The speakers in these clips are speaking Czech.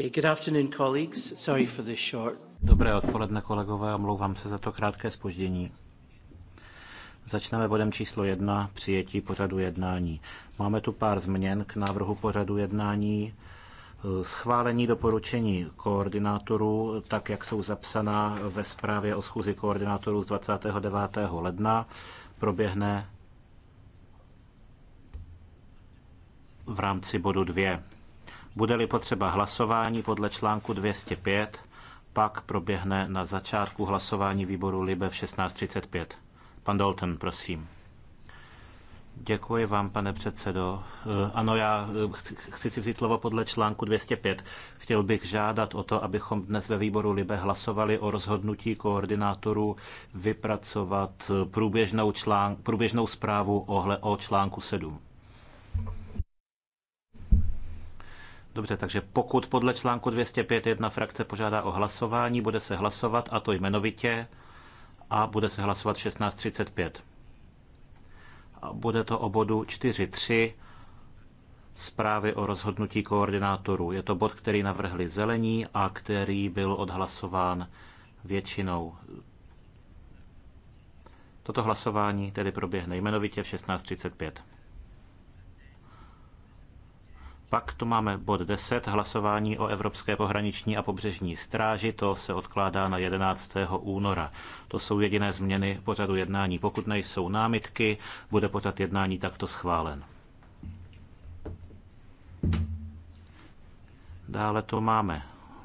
Okay, good afternoon, colleagues. Sorry for the short. Dobré odpoledne, kolegové, omlouvám se za to krátké spoždění. Začneme bodem číslo jedna, přijetí pořadu jednání. Máme tu pár změn k návrhu pořadu jednání. Schválení doporučení koordinátorů, tak jak jsou zapsaná ve zprávě o schůzi koordinátorů z 29. ledna, proběhne v rámci bodu 2. Bude-li potřeba hlasování podle článku 205, pak proběhne na začátku hlasování výboru Libe v 16.35. Pan Dalton, prosím. Děkuji vám, pane předsedo. Eh, ano, já eh, chci, chci si vzít slovo podle článku 205. Chtěl bych žádat o to, abychom dnes ve výboru Libe hlasovali o rozhodnutí koordinátorů vypracovat eh, průběžnou, člán, průběžnou zprávu o, o článku 7. Dobře, takže pokud podle článku 205 jedna frakce požádá o hlasování, bude se hlasovat, a to jmenovitě, a bude se hlasovat 16.35. A bude to o bodu 4.3 zprávy o rozhodnutí koordinátorů. Je to bod, který navrhli zelení a který byl odhlasován většinou. Toto hlasování tedy proběhne jmenovitě v 16.35. Pak tu máme bod 10, hlasování o Evropské pohraniční a pobřežní stráži. To se odkládá na 11. února. To jsou jediné změny pořadu jednání. Pokud nejsou námitky, bude pořad jednání takto schválen. Dále tu máme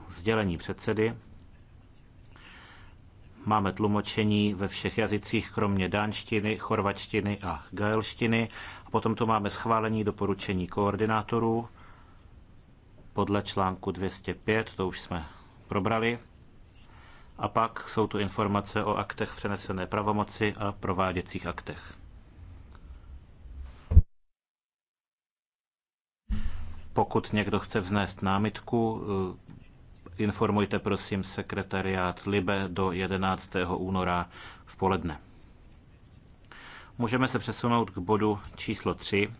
sdělení předsedy. Máme tlumočení ve všech jazycích, kromě dánštiny, chorvačtiny a gaelštiny. A potom tu máme schválení doporučení koordinátorů podle článku 205, to už jsme probrali. A pak jsou tu informace o aktech přenesené pravomoci a prováděcích aktech. Pokud někdo chce vznést námitku, informujte prosím sekretariát Libe do 11. února v poledne. Můžeme se přesunout k bodu číslo 3,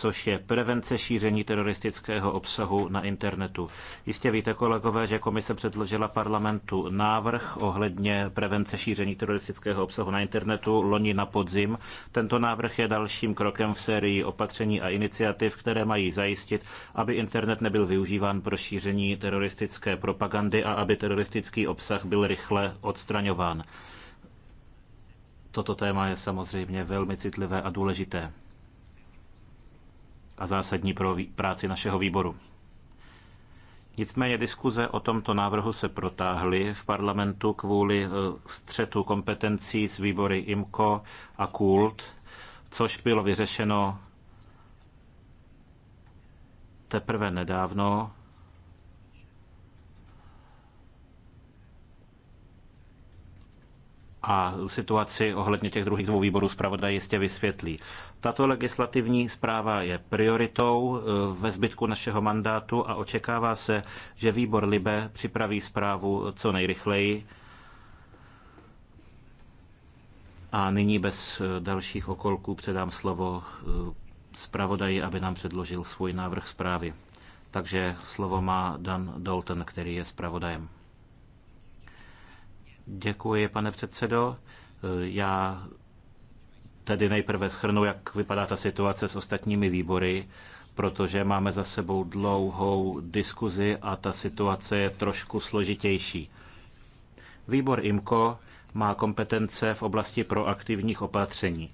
což je prevence šíření teroristického obsahu na internetu. Jistě víte, kolegové, že komise předložila parlamentu návrh ohledně prevence šíření teroristického obsahu na internetu loni na podzim. Tento návrh je dalším krokem v sérii opatření a iniciativ, které mají zajistit, aby internet nebyl využíván pro šíření teroristické propagandy a aby teroristický obsah byl rychle odstraňován. Toto téma je samozřejmě velmi citlivé a důležité a zásadní pro práci našeho výboru. Nicméně diskuze o tomto návrhu se protáhly v parlamentu kvůli e, střetu kompetencí s výbory IMCO a KULT, což bylo vyřešeno teprve nedávno a situaci ohledně těch druhých dvou výborů zpravodaj jistě vysvětlí. Tato legislativní zpráva je prioritou eh, ve zbytku našeho mandátu a očekává se, že výbor Libe připraví zprávu co nejrychleji. A nyní bez eh, dalších okolků předám slovo eh, zpravodaji, aby nám předložil svůj návrh zprávy. Takže slovo má Dan Dalton, který je zpravodajem. Děkuji, pane předsedo. Já tedy nejprve schrnu, jak vypadá ta situace s ostatními výbory, protože máme za sebou dlouhou diskuzi a ta situace je trošku složitější. Výbor IMCO má kompetence v oblasti proaktivních opatření.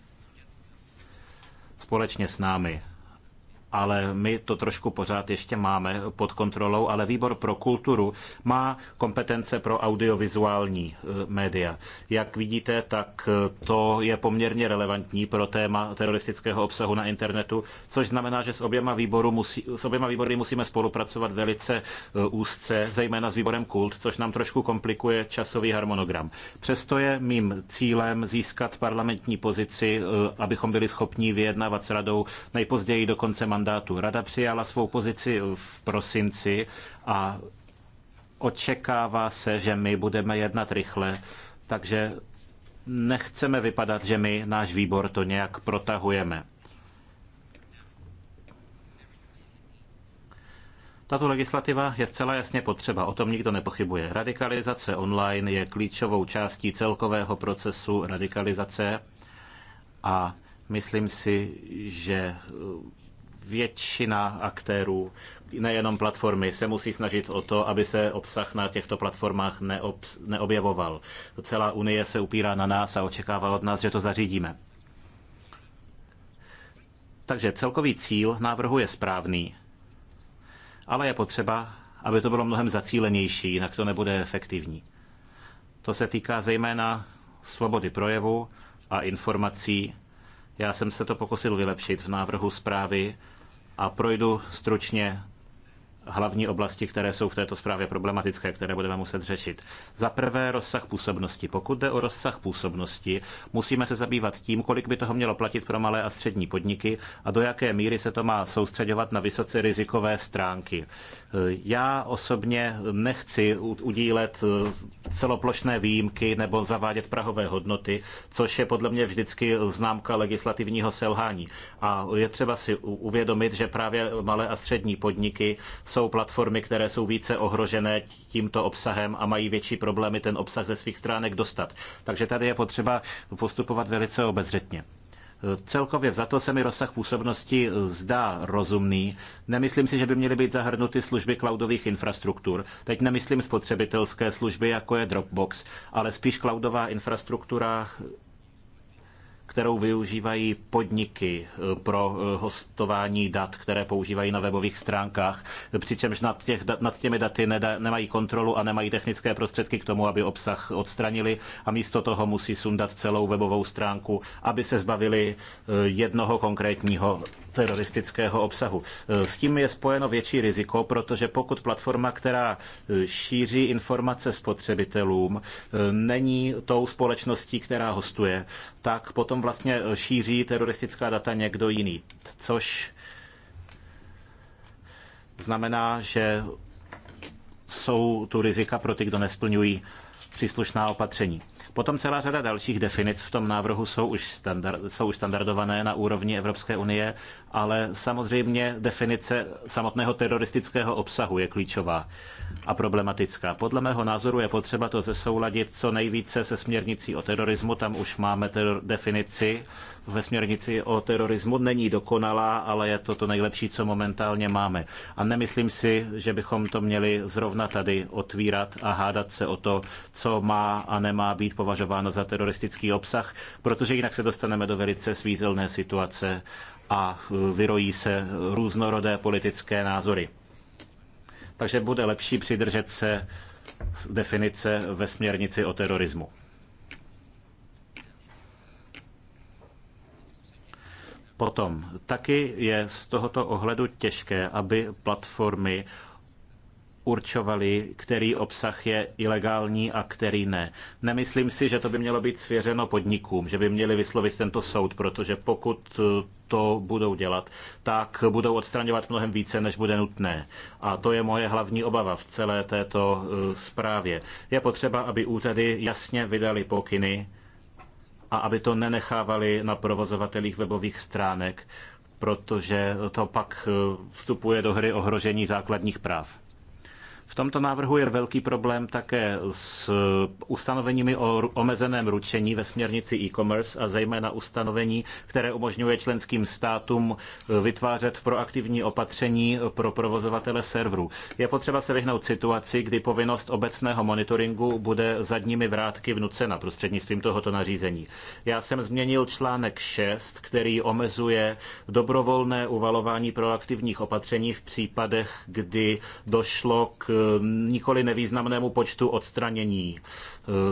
Společně s námi ale my to trošku pořád ještě máme pod kontrolou, ale výbor pro kulturu má kompetence pro audiovizuální e, média. Jak vidíte, tak e, to je poměrně relevantní pro téma teroristického obsahu na internetu, což znamená, že s oběma, výboru musí, s oběma výbory musíme spolupracovat velice e, úzce, zejména s výborem Kult, což nám trošku komplikuje časový harmonogram. Přesto je mým cílem získat parlamentní pozici, abychom byli schopni vyjednávat s radou nejpozději do konce mandátu mandátu. Rada přijala svou pozici v prosinci a očekává se, že my budeme jednat rychle, takže nechceme vypadat, že my, náš výbor, to nějak protahujeme. Tato legislativa je zcela jasně potřeba, o tom nikdo nepochybuje. Radikalizace online je klíčovou částí celkového procesu radikalizace a myslím si, že většina aktérů, nejenom platformy, se musí snažit o to, aby se obsah na těchto platformách neobjevoval. Celá Unie se upírá na nás a očekává od nás, že to zařídíme. Takže celkový cíl návrhu je správný, ale je potřeba, aby to bylo mnohem zacílenější, jinak to nebude efektivní. To se týká zejména svobody projevu a informací. Já jsem se to pokusil vylepšit v návrhu zprávy a projdu stručně hlavní oblasti, které jsou v této zprávě problematické, které budeme muset řešit. Za prvé rozsah působnosti. Pokud jde o rozsah působnosti, musíme se zabývat tím, kolik by toho mělo platit pro malé a střední podniky a do jaké míry se to má soustředovat na vysoce rizikové stránky. Já osobně nechci udílet eh, celoplošné výjimky nebo zavádět prahové hodnoty, což je podle mě vždycky známka legislativního selhání. A je třeba si uvědomit, že právě malé a střední podniky jsou jsou platformy, které jsou více ohrožené tímto obsahem a mají větší problémy ten obsah ze svých stránek dostat. Takže tady je potřeba postupovat velice obezřetně. Celkově to se mi rozsah působnosti zdá rozumný. Nemyslím si, že by měly být zahrnuty služby cloudových infrastruktur. Teď nemyslím spotřebitelské služby, jako je Dropbox, ale spíš cloudová infrastruktura kterou využívají podniky eh, pro eh, hostování dat, které používají na webových stránkách, přičemž nad, těch, nad těmi daty nemají kontrolu a nemají technické prostředky k tomu, aby obsah odstranili a místo toho musí sundat celou webovou stránku, aby se zbavili eh, jednoho konkrétního teroristického obsahu. S tím je spojeno větší riziko, protože pokud platforma, která eh, šíří informace spotřebitelům, eh, není tou společností, která hostuje, tak potom vlastně eh, šíří teroristická data někdo jiný, což znamená, že jsou tu rizika pro ty, kdo nesplňují příslušná opatření. Potom celá řada dalších definic v tom návrhu jsou už, standard, jsou už standardované na úrovni Evropské unie ale samozřejmě definice samotného teroristického obsahu je klíčová a problematická. Podle mého názoru je potřeba to zesouladit co nejvíce se směrnicí o terorismu. Tam už máme teror- definici. Ve směrnici o terorismu není dokonalá, ale je to to nejlepší, co momentálně máme. A nemyslím si, že bychom to měli zrovna tady otvírat a hádat se o to, co má a nemá být považováno za teroristický obsah, protože jinak se dostaneme do velice svízelné situace a e, vyrojí se různorodé politické názory. Takže bude lepší přidržet se definice ve směrnici o terorismu. Potom taky je z tohoto ohledu těžké, aby platformy určovali, který obsah je ilegální a který ne. Nemyslím si, že to by mělo být svěřeno podnikům, že by měli vyslovit tento soud, protože pokud eh, to budou dělat, tak budou odstraňovat mnohem více, než bude nutné. A to je moje hlavní obava v celé této eh, zprávě. Je potřeba, aby úřady jasně vydali pokyny a aby to nenechávali na provozovatelích webových stránek, protože to pak eh, vstupuje do hry ohrožení základních práv. V tomto návrhu je velký problém také s ustanoveními o omezeném ručení ve směrnici e-commerce a zejména ustanovení, které umožňuje členským státům vytvářet proaktivní opatření pro provozovatele serverů. Je potřeba se vyhnout situaci, kdy povinnost obecného monitoringu bude zadními vrátky vnucena prostřednictvím tohoto nařízení. Já jsem změnil článek 6, který omezuje dobrovolné uvalování proaktivních opatření v případech, kdy došlo k Eh, nikoli nevýznamnému počtu odstranění, eh,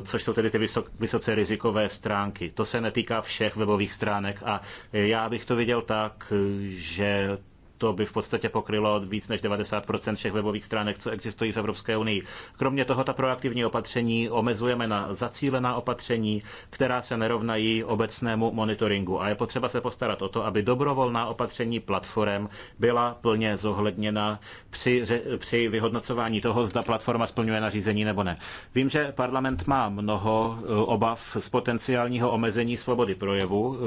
což jsou tedy ty vysoce rizikové stránky. To se netýká všech webových stránek a já bych to viděl tak, že to by v podstatě pokrylo víc než 90% všech webových stránek, co existují v Evropské unii. Kromě toho ta proaktivní opatření omezujeme na zacílená opatření, která se nerovnají obecnému monitoringu. A je potřeba se postarat o to, aby dobrovolná opatření platform byla plně zohledněna při, při vyhodnocování toho, zda platforma splňuje nařízení nebo ne. Vím, že parlament má mnoho eh, obav z potenciálního omezení svobody projevu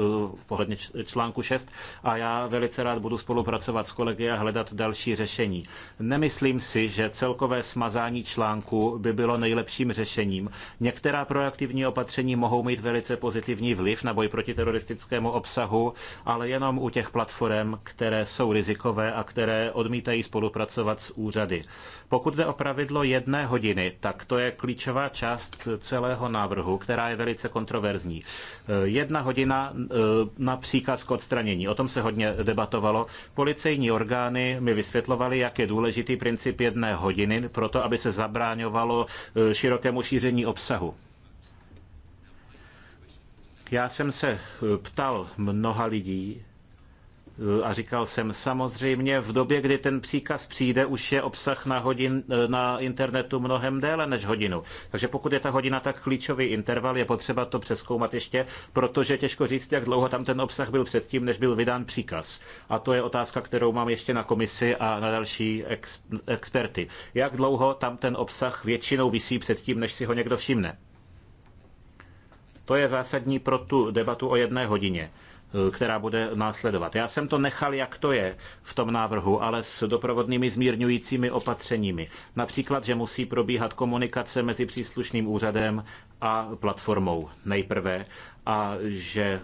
pohledně eh, článku 6 a já velice rád budu spolupracovat vyjednávat s kolegy a hledat další řešení. Nemyslím si, že celkové smazání článku by bylo nejlepším řešením. Některá proaktivní opatření mohou mít velice pozitivní vliv na boj proti teroristickému obsahu, ale jenom u těch platform, které jsou rizikové a které odmítají spolupracovat s úřady. Pokud jde o pravidlo jedné hodiny, tak to je klíčová část celého návrhu, která je velice kontroverzní. Jedna hodina e, na příkaz k odstranění. O tom se hodně debatovalo. Policie policejní orgány mi vysvětlovaly, jak je důležitý princip jedné hodiny pro to, aby se zabráňovalo e, širokému šíření obsahu. Já jsem se e, ptal mnoha lidí, Eh, a říkal jsem, samozřejmě v době, kdy ten příkaz přijde, už je obsah na, hodin, eh, na internetu mnohem déle než hodinu. Takže pokud je ta hodina tak klíčový interval, je potřeba to přeskoumat ještě, protože těžko říct, jak dlouho tam ten obsah byl předtím, než byl vydán příkaz. A to je otázka, kterou mám ještě na komisi a na další ex, experty. Jak dlouho tam ten obsah většinou visí předtím, než si ho někdo všimne? To je zásadní pro tu debatu o jedné hodině. Eh, která bude následovat. Já jsem to nechal, jak to je v tom návrhu, ale s doprovodnými zmírňujícími opatřeními. Například, že musí probíhat komunikace mezi příslušným úřadem a platformou nejprve a že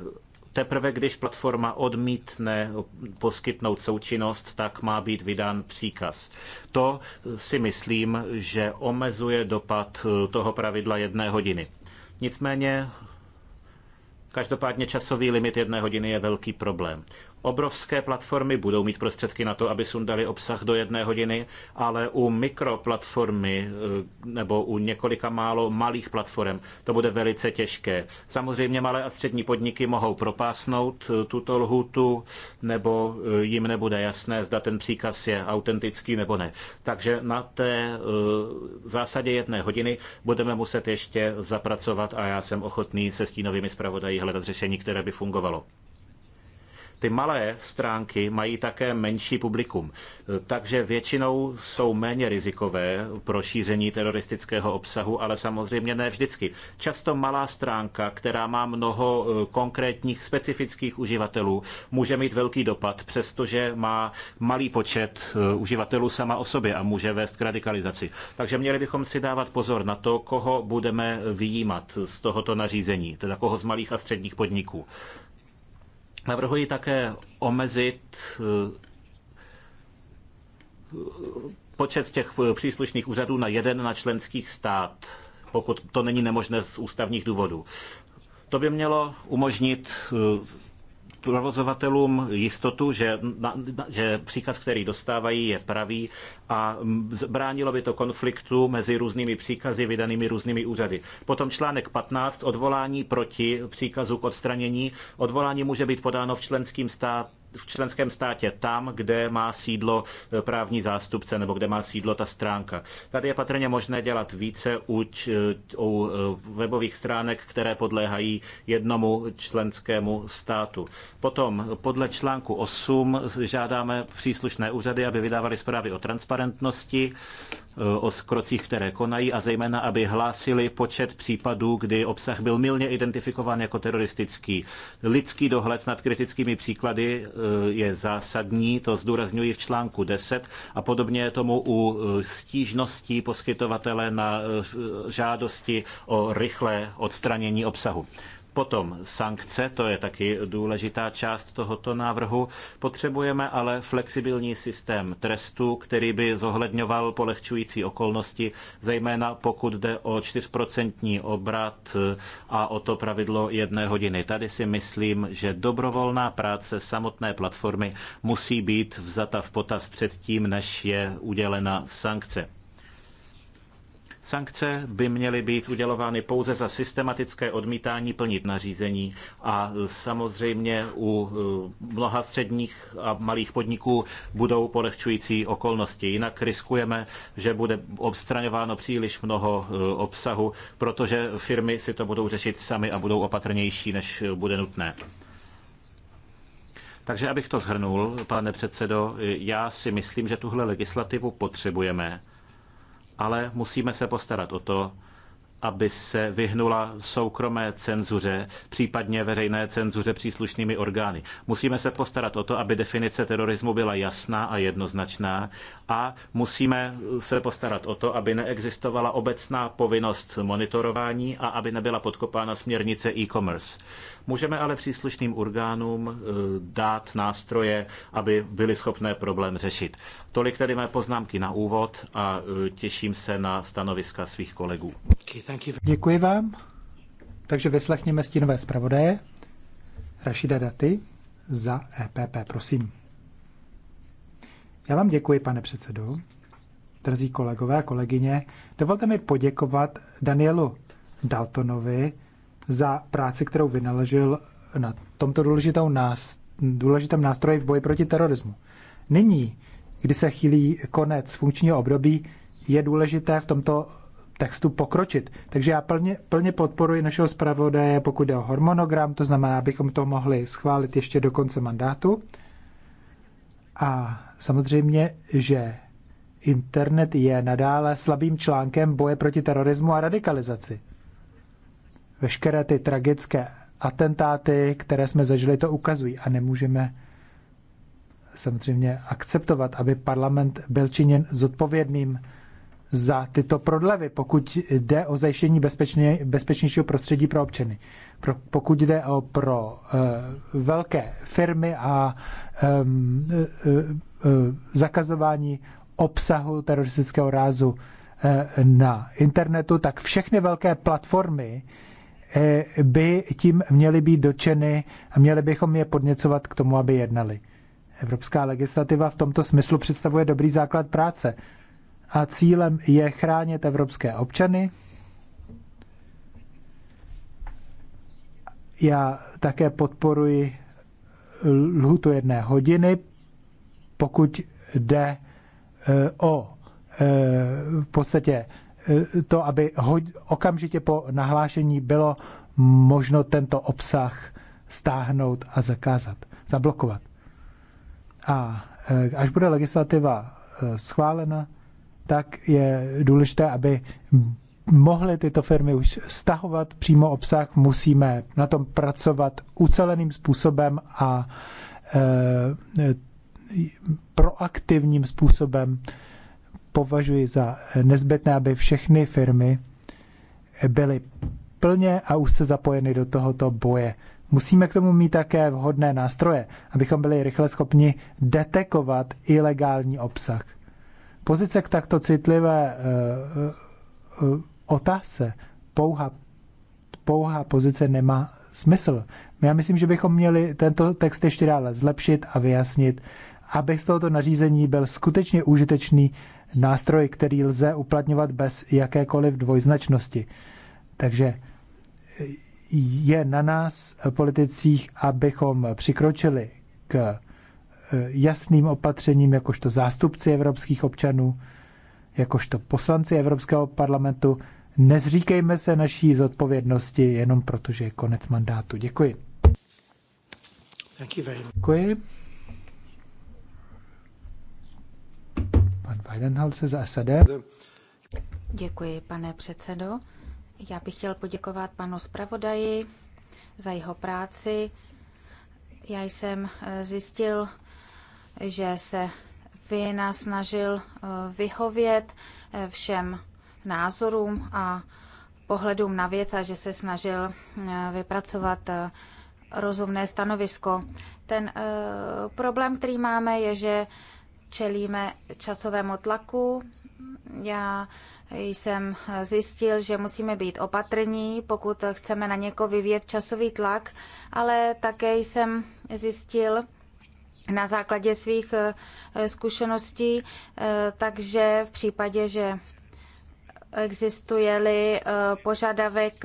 teprve když platforma odmítne poskytnout součinnost, tak má být vydán příkaz. To si myslím, že omezuje dopad eh, toho pravidla jedné hodiny. Nicméně Každopádně časový limit jedné hodiny je velký problém. Obrovské platformy budou mít prostředky na to, aby sundali obsah do jedné hodiny, ale u mikroplatformy eh, nebo u několika málo malých platform to bude velice těžké. Samozřejmě malé a střední podniky mohou propásnout eh, tuto lhutu, nebo eh, jim nebude jasné, zda ten příkaz je autentický nebo ne. Takže na té zásadě jedné hodiny budeme muset ještě zapracovat a já jsem ochotný se stínovými zpravodají hledat řešení, které by fungovalo. Ty malé stránky mají také menší publikum, takže většinou jsou méně rizikové pro šíření teroristického obsahu, ale samozřejmě ne vždycky. Často malá stránka, která má mnoho eh, konkrétních specifických uživatelů, může mít velký dopad, přestože má malý počet eh, uživatelů sama o sobě a může vést k radikalizaci. Takže měli bychom si dávat pozor na to, koho budeme vyjímat z tohoto nařízení, teda koho z malých a středních podniků. Navrhuji také omezit eh, počet těch eh, příslušných úřadů na jeden na členských stát, pokud to není nemožné z ústavních důvodů. To by mělo umožnit eh, provozovatelům jistotu, že, na, že příkaz, který dostávají, je pravý a bránilo by to konfliktu mezi různými příkazy vydanými různými úřady. Potom článek 15, odvolání proti příkazu k odstranění. Odvolání může být podáno v členským státě v členském státě tam, kde má sídlo eh, právní zástupce nebo kde má sídlo ta stránka. Tady je patrně možné dělat více č, eh, u eh, webových stránek, které podléhají jednomu členskému státu. Potom podle článku 8 žádáme příslušné úřady, aby vydávali zprávy o transparentnosti Eh, o skrocích, které konají a zejména, aby hlásili počet případů, kdy obsah byl milně identifikován jako teroristický. Lidský dohled nad kritickými příklady eh, je zásadní, to zdůrazňuji v článku 10 a podobně je tomu u eh, stížností poskytovatele na žádosti o rychlé odstranění obsahu. Potom sankce, to je taky důležitá část tohoto návrhu. Potřebujeme ale flexibilní systém trestu, který by zohledňoval polehčující okolnosti, zejména pokud jde o 4% obrat e, a o to pravidlo jedné hodiny. Tady si myslím, že dobrovolná práce samotné platformy musí být vzata v potaz předtím, než je udělena sankce. Sankce by měly být udělovány pouze za systematické odmítání plnit nařízení a samozřejmě u eh, mnoha středních a malých podniků budou polehčující okolnosti. Jinak riskujeme, že bude obstraňováno příliš mnoho eh, obsahu, protože firmy si to budou řešit sami a budou opatrnější, než bude nutné. Takže abych to zhrnul, pane předsedo, eh, já si myslím, že tuhle legislativu potřebujeme ale musíme se postarat o to, aby se vyhnula soukromé cenzuře, případně veřejné cenzuře příslušnými orgány. Musíme se postarat o to, aby definice terorismu byla jasná a jednoznačná a musíme se postarat o to, aby neexistovala obecná povinnost monitorování a aby nebyla podkopána směrnice e-commerce. Můžeme ale příslušným orgánům eh, dát nástroje, aby byly schopné problém řešit. Tolik tedy mé poznámky na úvod a eh, těším se na stanoviska svých kolegů. Děkuji vám. Takže vyslechněme stínové zpravodaje. Rašida Daty za EPP, prosím. Já vám děkuji, pane předsedo. Drzí kolegové a kolegyně, dovolte mi poděkovat Danielu Daltonovi za práci, kterou vynaložil na tomto důležitou nás, důležitém nástroji v boji proti terorismu. Nyní, kdy se chýlí konec funkčního období, je důležité v tomto textu pokročit. Takže já plně, plně podporuji našeho zpravodaje, pokud jde o hormonogram, to znamená, abychom to mohli schválit ještě do konce mandátu. A samozřejmě, že internet je nadále slabým článkem boje proti terorismu a radikalizaci. Veškeré ty tragické atentáty, které jsme zažili, to ukazují a nemůžeme samozřejmě akceptovat, aby parlament byl činěn zodpovědným za tyto prodlevy, pokud jde o zajištění bezpečně, bezpečnějšího prostředí pro občany. Pro, pokud jde o pro uh, velké firmy a um, uh, uh, zakazování obsahu teroristického rázu uh, na internetu, tak všechny velké platformy uh, Eh, by tím měly být dočeny a měli bychom je podněcovat k tomu, aby jednali. Evropská legislativa v tomto smyslu představuje dobrý základ práce a cílem je chránit evropské občany. Já také podporuji lhutu jedné hodiny, pokud jde eh, o eh, v podstatě Eh, to, aby okamžitě po nahlášení bylo možno tento obsah stáhnout a zakázat, zablokovat. A eh, až bude legislativa eh, schválena, tak je důležité, aby mohly tyto firmy už stahovat přímo obsah, musíme na tom pracovat uceleným způsobem a e, proaktivním způsobem považuji za nezbytné, aby všechny firmy byly plně a už se zapojeny do tohoto boje. Musíme k tomu mít také vhodné nástroje, abychom byli rychle schopni detekovat ilegální obsah. Pozice k takto citlivé uh, uh, otázce, pouhá, pouhá pozice nemá smysl. Já myslím, že bychom měli tento text ještě dále zlepšit a vyjasnit, aby z tohoto nařízení byl skutečně užitečný nástroj, který lze uplatňovat bez jakékoliv dvojznačnosti. Takže je na nás, politicích, abychom přikročili k eh, jasným opatřením, jakožto zástupci evropských občanů, jakožto poslanci Evropského parlamentu. Nezříkejme se naší zodpovědnosti jenom že je konec mandátu. Děkuji. Děkuji. Weidenhalse za Děkuji, pane předsedo. Já bych chtěl poděkovat panu zpravodaji za jeho práci. Já jsem eh, zjistil, že se Vina snažil eh, vyhovět eh, všem názorům a pohledům na věc a že se snažil vypracovat rozumné stanovisko. Ten problém, který máme, je, že čelíme časovému tlaku. Já jsem zjistil, že musíme být opatrní, pokud chceme na někoho vyvíjet časový tlak, ale také jsem zjistil na základě svých eh, zkušeností, eh, takže v případě, že existuje-li eh, požadavek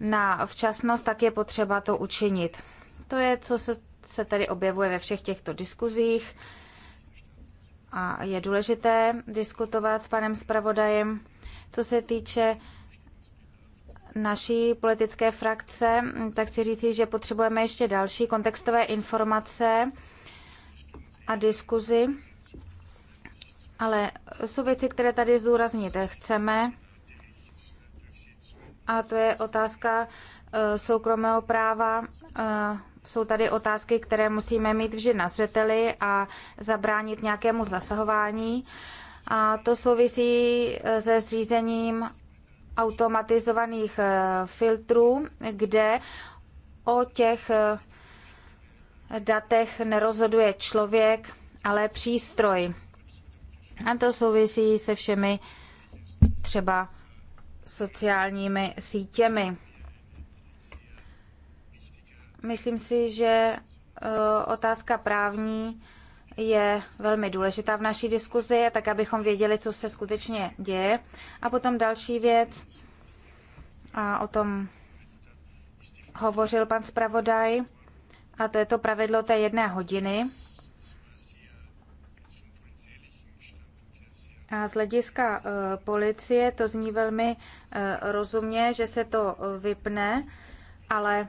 na včasnost, tak je potřeba to učinit. To je, co se, se tady objevuje ve všech těchto diskuzích a je důležité diskutovat s panem zpravodajem, co se týče naší politické frakce, tak chci říci, že potřebujeme ještě další kontextové informace a diskuzi, ale jsou věci, které tady zúraznit chceme. A to je otázka eh, soukromého práva, eh, jsou tady otázky, které musíme mít vždy na zřeteli a zabránit nějakému zasahování. A to souvisí e, se zřízením automatizovaných e, filtrů, kde o těch e, datech nerozhoduje člověk, ale přístroj. A to souvisí se všemi třeba sociálními sítěmi. Myslím si, že eh, otázka právní je velmi důležitá v naší diskuzi, tak abychom věděli, co se skutečně děje. A potom další věc, a o tom hovořil pan zpravodaj, a to je to pravidlo té jedné hodiny. A z hlediska uh, policie to zní velmi uh, rozumně, že se to vypne, ale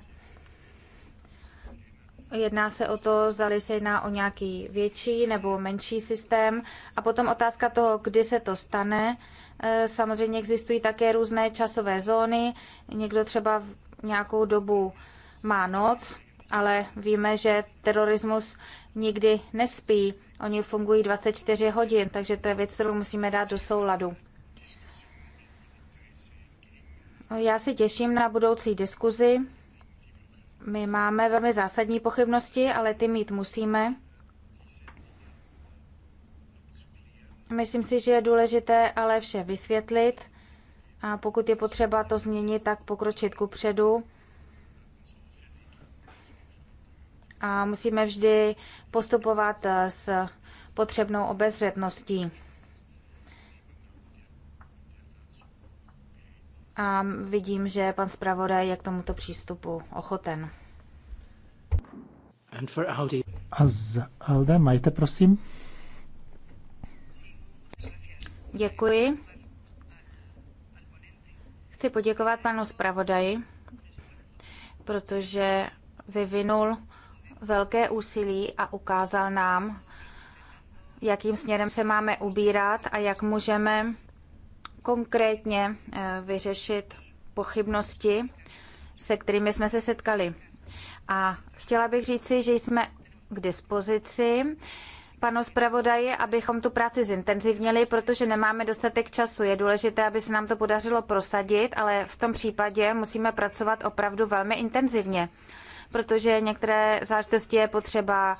Jedná se o to, zda se jedná o nějaký větší nebo menší systém. A potom otázka toho, kdy se to stane. Eh, samozřejmě existují také různé časové zóny. Někdo třeba v nějakou dobu má noc, ale víme, že terorismus nikdy nespí. Oni fungují 24 hodin, takže to je věc, kterou musíme dát do souladu. Já se těším na budoucí diskuzi my máme velmi zásadní pochybnosti, ale ty mít musíme. Myslím si, že je důležité ale vše vysvětlit a pokud je potřeba to změnit, tak pokročit ku předu. A musíme vždy postupovat s potřebnou obezřetností. A vidím, že pan zpravodaj je k tomuto přístupu ochoten. And for A z Alde majte, prosím. Děkuji. Chci poděkovat panu zpravodaji, protože vyvinul velké úsilí a ukázal nám, jakým směrem se máme ubírat a jak můžeme konkrétně eh, vyřešit pochybnosti, se kterými jsme se setkali. A chtěla bych říci, že jsme k dispozici panu zpravodaji, abychom tu práci zintenzivnili, protože nemáme dostatek času. Je důležité, aby se nám to podařilo prosadit, ale v tom případě musíme pracovat opravdu velmi intenzivně, protože některé záležitosti je potřeba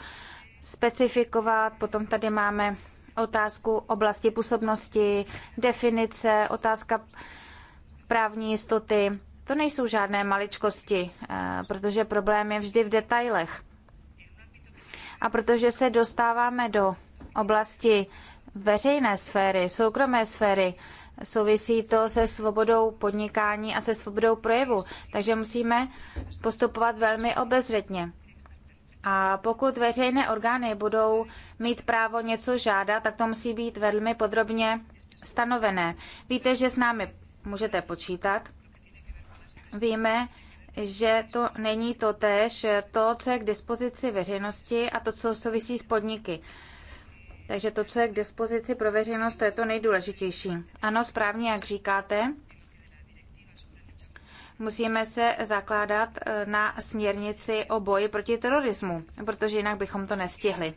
specifikovat. Potom tady máme otázku oblasti působnosti, definice, otázka právní jistoty. To nejsou žádné maličkosti, eh, protože problém je vždy v detailech. A protože se dostáváme do oblasti veřejné sféry, soukromé sféry, souvisí to se svobodou podnikání a se svobodou projevu. Takže musíme postupovat velmi obezřetně. A pokud veřejné orgány budou mít právo něco žádat, tak to musí být velmi podrobně stanovené. Víte, že s námi můžete počítat. Víme, že to není to tež, to, co je k dispozici veřejnosti a to, co souvisí s podniky. Takže to, co je k dispozici pro veřejnost, to je to nejdůležitější. Ano, správně, jak říkáte musíme se zakládat eh, na směrnici o boji proti terorismu, protože jinak bychom to nestihli.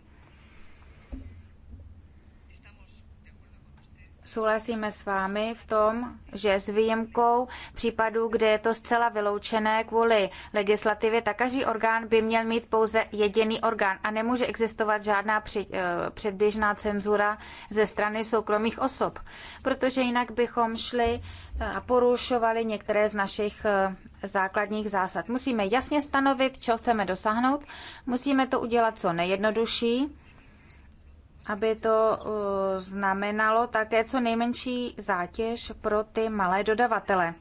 Souhlasíme s vámi v tom, že s výjimkou případů, kde je to zcela vyloučené kvůli legislativě, tak každý orgán by měl mít pouze jediný orgán a nemůže existovat žádná eh, předběžná cenzura ze strany soukromých osob, protože jinak bychom šli eh, a porušovali některé z našich eh, základních zásad. Musíme jasně stanovit, co chceme dosáhnout, musíme to udělat co nejjednodušší, aby to uh, znamenalo také co nejmenší zátěž pro ty malé dodavatele.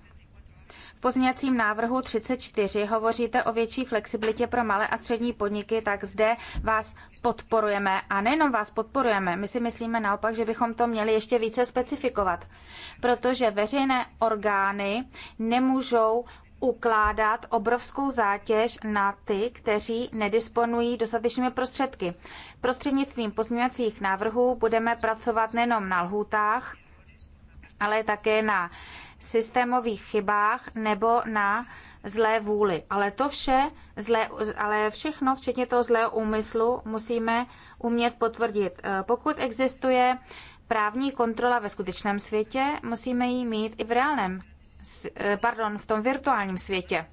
V pozněcím návrhu 34 hovoříte o větší flexibilitě pro malé a střední podniky, tak zde vás podporujeme. A nejenom vás podporujeme, my si myslíme naopak, že bychom to měli ještě více specifikovat, protože veřejné orgány nemůžou ukládat obrovskou zátěž na ty, kteří nedisponují dostatečnými prostředky. Prostřednictvím pozměňovacích návrhů budeme pracovat nejenom na lhůtách, ale také na systémových chybách nebo na zlé vůli. Ale to vše, zlé, ale všechno, včetně toho zlého úmyslu, musíme umět potvrdit. Eh, pokud existuje právní kontrola ve skutečném světě, musíme ji mít i v reálném Eh, pardon, v tom virtuálním světě.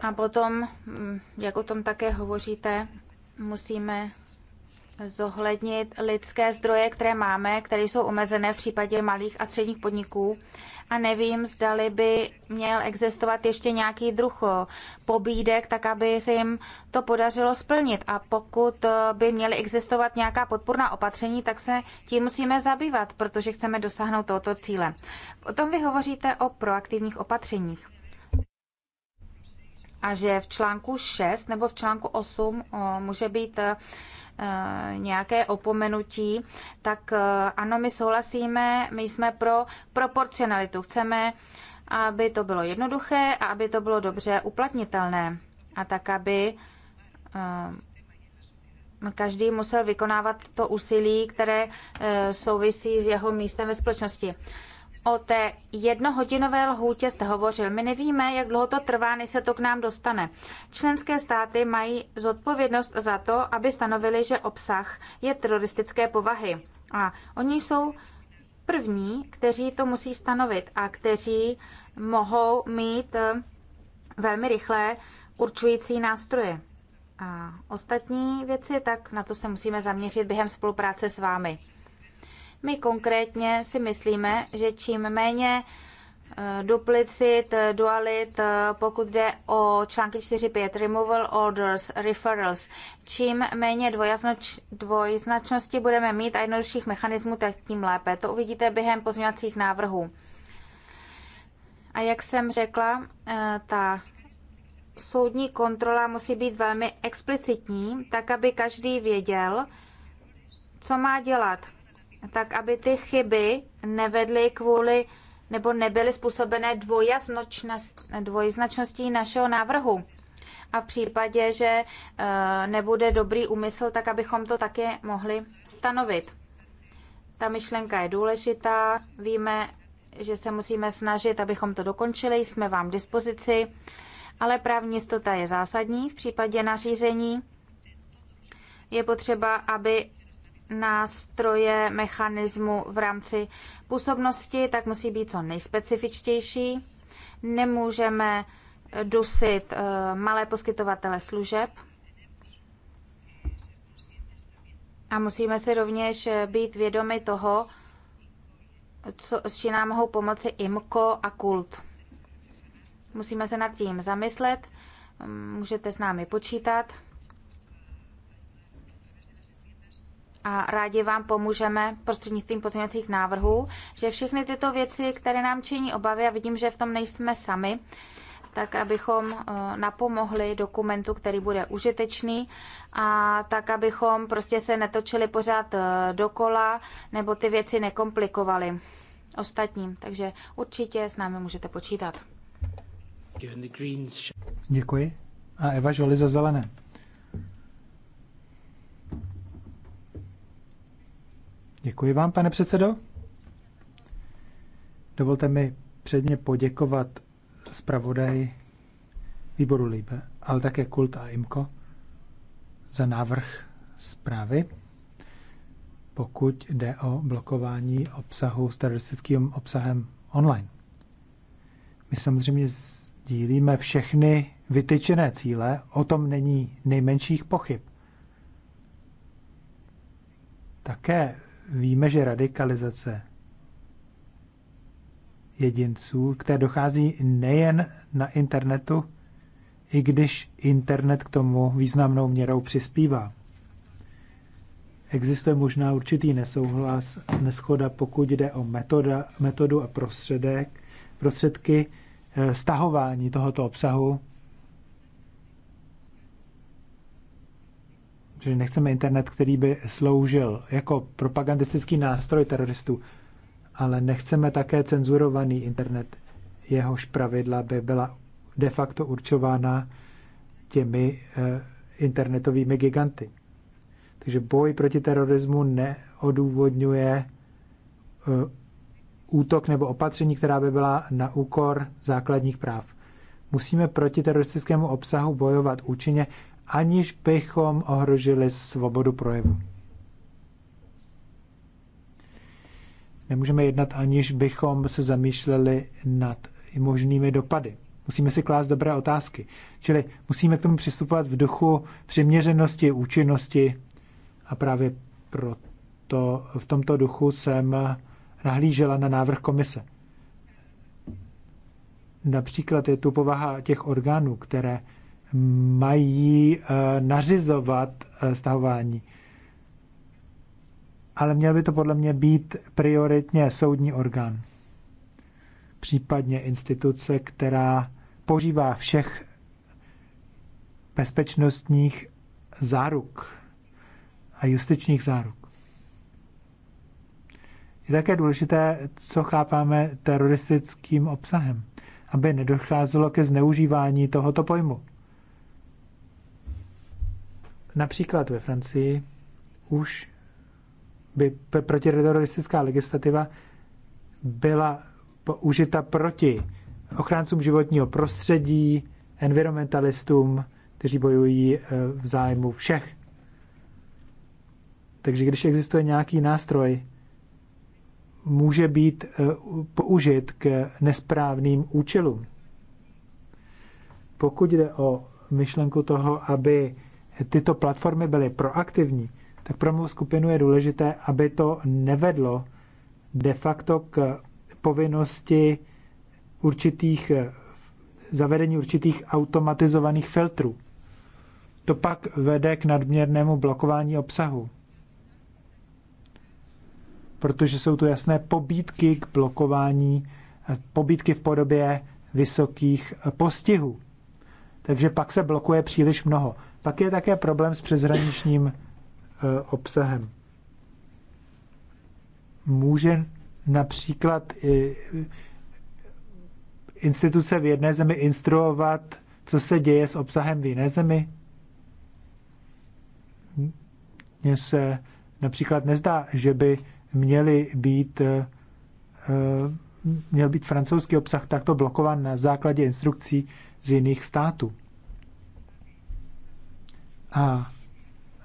A potom, mm, jak o tom také hovoříte, musíme zohlednit lidské zdroje, které máme, které jsou omezené v případě malých a středních podniků. A nevím, zdali by měl existovat ještě nějaký druh eh, pobídek, tak aby se jim to podařilo splnit. A pokud eh, by měly existovat nějaká podporná opatření, tak se tím musíme zabývat, protože chceme dosáhnout tohoto cíle. O tom vy hovoříte o proaktivních opatřeních. A že v článku 6 nebo v článku 8 eh, může být Eh, nějaké opomenutí, tak eh, ano, my souhlasíme, my jsme pro proporcionalitu. Chceme, aby to bylo jednoduché a aby to bylo dobře uplatnitelné. A tak, aby eh, každý musel vykonávat to úsilí, které souvisí s jeho místem ve společnosti. O té jednohodinové lhůtě jste hovořil. My nevíme, jak dlouho to trvá, než se to k nám dostane. Členské státy mají zodpovědnost za to, aby stanovili, že obsah je teroristické povahy. A oni jsou první, kteří to musí stanovit a kteří mohou mít eh, velmi rychlé určující nástroje. A ostatní věci, tak na to se musíme zaměřit během spolupráce s vámi. My konkrétně si myslíme, že čím méně eh, duplicit, eh, dualit, eh, pokud jde o články 4.5, removal orders, referrals. Čím méně dvojznač, dvojznačnosti budeme mít a jednodušších mechanismů, tak tím lépe. To uvidíte během pozměňovacích návrhů. A jak jsem řekla, ta soudní kontrola musí být velmi explicitní, tak aby každý věděl, co má dělat tak aby ty chyby nevedly kvůli nebo nebyly způsobené dvojznačností našeho návrhu. A v případě, že eh, nebude dobrý úmysl, tak abychom to také mohli stanovit. Ta myšlenka je důležitá, víme, že se musíme snažit, abychom to dokončili, jsme vám k dispozici, ale právní jistota je zásadní v případě nařízení. Je potřeba, aby nástroje mechanismu v rámci působnosti, tak musí být co nejspecifičtější. Nemůžeme dusit eh, malé poskytovatele služeb. A musíme si rovněž eh, být vědomi toho, co, s čím nám mohou pomoci IMKO a KULT. Musíme se nad tím zamyslet, mm, můžete s námi počítat. a rádi vám pomůžeme prostřednictvím pozměňovacích návrhů, že všechny tyto věci, které nám činí obavy, a vidím, že v tom nejsme sami, tak abychom eh, napomohli dokumentu, který bude užitečný a tak abychom prostě se netočili pořád eh, dokola nebo ty věci nekomplikovali ostatním. Takže určitě s námi můžete počítat. Děkuji. A Eva Žoli za zelené. Děkuji vám, pane předsedo. Dovolte mi předně poděkovat zpravodaji výboru Líbe, ale také Kult a Imko za návrh zprávy, pokud jde o blokování obsahu s teroristickým obsahem online. My samozřejmě sdílíme všechny vytyčené cíle, o tom není nejmenších pochyb. Také Víme, že radikalizace jedinců, které dochází nejen na internetu, i když internet k tomu významnou měrou přispívá. Existuje možná určitý nesouhlas, neschoda, pokud jde o metoda, metodu a prostředek, prostředky eh, stahování tohoto obsahu Čili nechceme internet, který by sloužil jako propagandistický nástroj teroristů, ale nechceme také cenzurovaný internet. Jehož pravidla by byla de facto určována těmi eh, internetovými giganty. Takže boj proti terorismu neodůvodňuje eh, útok nebo opatření, která by byla na úkor základních práv. Musíme proti teroristickému obsahu bojovat účinně aniž bychom ohrožili svobodu projevu. Nemůžeme jednat, aniž bychom se zamýšleli nad možnými dopady. Musíme si klást dobré otázky. Čili musíme k tomu přistupovat v duchu přiměřenosti, účinnosti a právě proto v tomto duchu jsem nahlížela na návrh komise. Například je tu povaha těch orgánů, které mají eh, nařizovat eh, stahování. Ale měl by to podle mě být prioritně soudní orgán, případně instituce, která požívá všech bezpečnostních záruk a justičních záruk. Je také důležité, co chápáme teroristickým obsahem, aby nedocházelo ke zneužívání tohoto pojmu. Například ve Francii už by protiteroristická legislativa byla použita proti ochráncům životního prostředí, environmentalistům, kteří bojují e, v zájmu všech. Takže když existuje nějaký nástroj, může být e, použit k nesprávným účelům. Pokud jde o myšlenku toho, aby tyto platformy byly proaktivní, tak pro mou skupinu je důležité, aby to nevedlo de facto k povinnosti určitých zavedení určitých automatizovaných filtrů. To pak vede k nadměrnému blokování obsahu, protože jsou tu jasné pobídky k blokování, pobídky v podobě vysokých postihů. Takže pak se blokuje příliš mnoho. Pak je také problém s přeshraničním eh, obsahem. Může například instituce v jedné zemi instruovat, co se děje s obsahem v jiné zemi? Mně se například nezdá, že by měly být, eh, měl být francouzský obsah takto blokovan na základě instrukcí z jiných států. A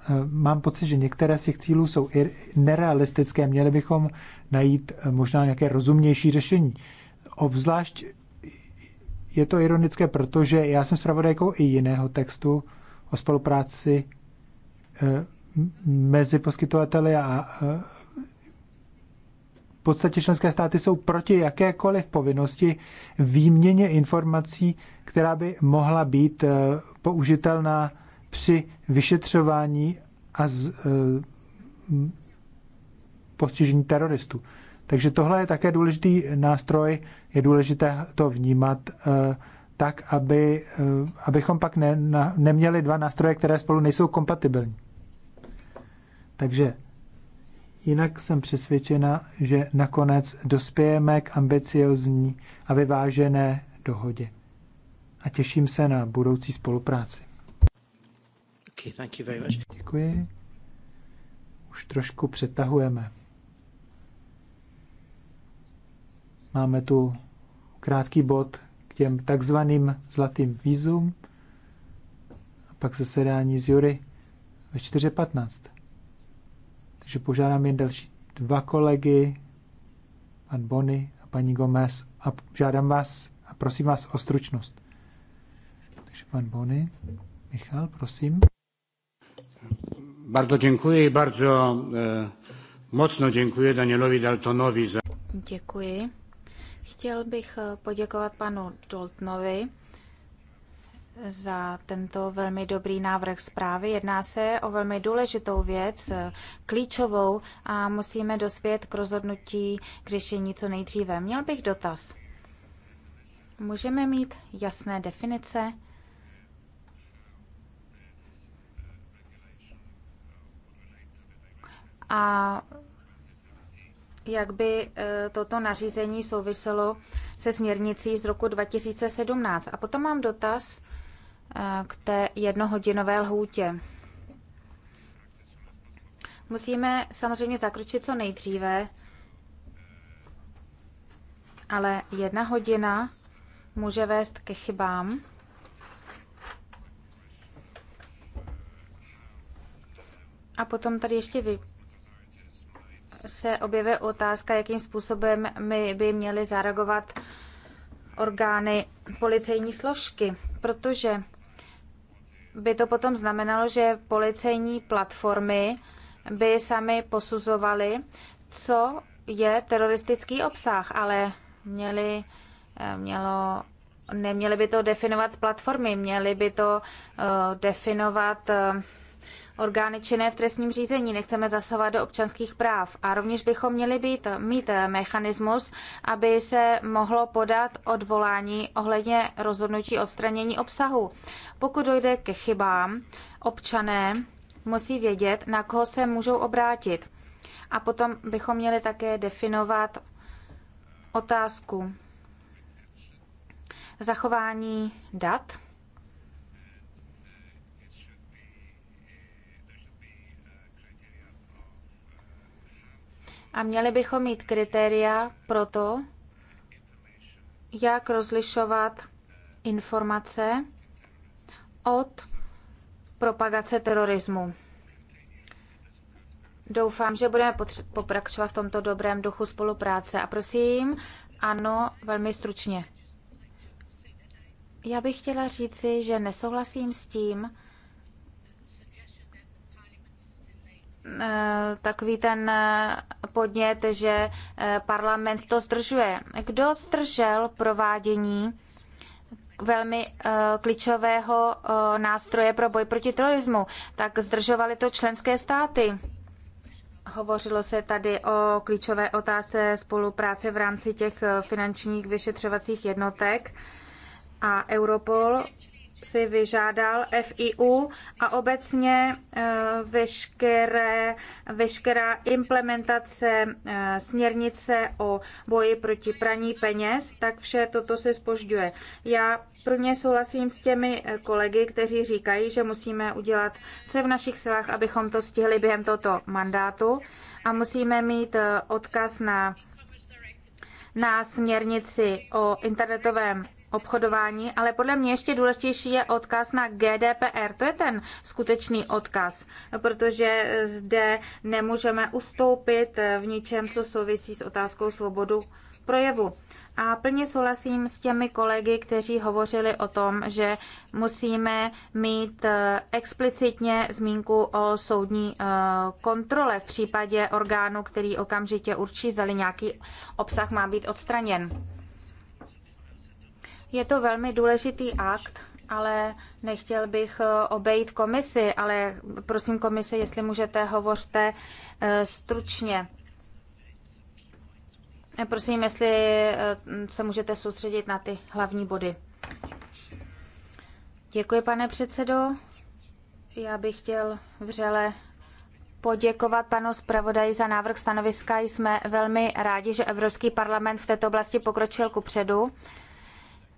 e, mám pocit, že některé z těch cílů jsou i nerealistické. Měli bychom najít e, možná nějaké rozumnější řešení. Obzvlášť je to ironické, protože já jsem zpravodajkou i jiného textu o spolupráci e, mezi poskytovateli a v podstatě členské státy jsou proti jakékoliv povinnosti výměně informací, která by mohla být použitelná při vyšetřování a z, e, postižení teroristů. Takže tohle je také důležitý nástroj, je důležité to vnímat e, tak, aby, e, abychom pak ne, na, neměli dva nástroje, které spolu nejsou kompatibilní. Takže jinak jsem přesvědčena, že nakonec dospějeme k ambiciozní a vyvážené dohodě. A těším se na budoucí spolupráci. Děkuji. Už trošku přetahujeme. Máme tu krátký bod k těm takzvaným zlatým vízům a pak zasedání z Jury ve 4.15. Takže požádám jen další dva kolegy, pan Bony a paní Gomez, a žádám vás a prosím vás o stručnost. Takže pan Bony, Michal, prosím. Bardzo dziękuję i bardzo e, mocno děkuji Danielovi Daltonovi za... Děkuji. Chtěl bych e, poděkovat panu Daltonovi za tento velmi dobrý návrh zprávy. Jedná se o velmi důležitou věc, e, klíčovou a musíme dospět k rozhodnutí k řešení co nejdříve. Měl bych dotaz. Můžeme mít jasné definice a jak by e, toto nařízení souviselo se směrnicí z roku 2017. A potom mám dotaz e, k té jednohodinové lhůtě. Musíme samozřejmě zakročit co nejdříve, ale jedna hodina může vést ke chybám. A potom tady ještě se objevuje otázka, jakým způsobem my by měli zareagovat orgány policejní složky, protože by to potom znamenalo, že policejní platformy by sami posuzovaly, co je teroristický obsah, ale měli, eh, mělo, neměli by to definovat platformy, měli by to uh, definovat uh, orgány činné v trestním řízení, nechceme zasahovat do občanských práv. A rovněž bychom měli být, mít eh, mechanismus, aby se mohlo podat odvolání ohledně rozhodnutí odstranění obsahu. Pokud dojde ke chybám, občané musí vědět, na koho se můžou obrátit. A potom bychom měli také definovat otázku zachování dat A měli bychom mít kritéria pro to, jak rozlišovat informace od propagace terorismu. Doufám, že budeme pokračovat v tomto dobrém duchu spolupráce. A prosím, ano, velmi stručně. Já bych chtěla říci, že nesouhlasím s tím, Eh, takový ten eh, podnět, že eh, parlament to zdržuje. Kdo zdržel provádění velmi klíčového nástroje pro boj proti terorismu? Tak zdržovaly to členské státy. Hovořilo se tady o klíčové otázce spolupráce v rámci těch finančních vyšetřovacích jednotek a Europol si vyžádal FIU a obecně eh, veškeré, veškerá implementace eh, směrnice o boji proti praní peněz, tak vše toto se spožďuje. Já plně souhlasím s těmi eh, kolegy, kteří říkají, že musíme udělat, co v našich silách, abychom to stihli během tohoto mandátu a musíme mít odkaz na na směrnici o internetovém obchodování, ale podle mě ještě důležitější je odkaz na GDPR. To je ten skutečný odkaz, protože zde nemůžeme ustoupit v ničem, co souvisí s otázkou svobodu projevu. A plně souhlasím s těmi kolegy, kteří hovořili o tom, že musíme mít eh, explicitně zmínku o soudní eh, kontrole v případě orgánu, který okamžitě určí, zda nějaký obsah má být odstraněn. Je to velmi důležitý akt, ale nechtěl bych eh, obejít komisi, ale prosím komisi, jestli můžete, hovořte eh, stručně. Eh, prosím, jestli se můžete soustředit na ty hlavní body. Děkuji, pane předsedo. Já bych chtěl vřele poděkovat panu zpravodaji za návrh stanoviska. Jsme velmi rádi, že Evropský parlament v této oblasti pokročil kupředu. předu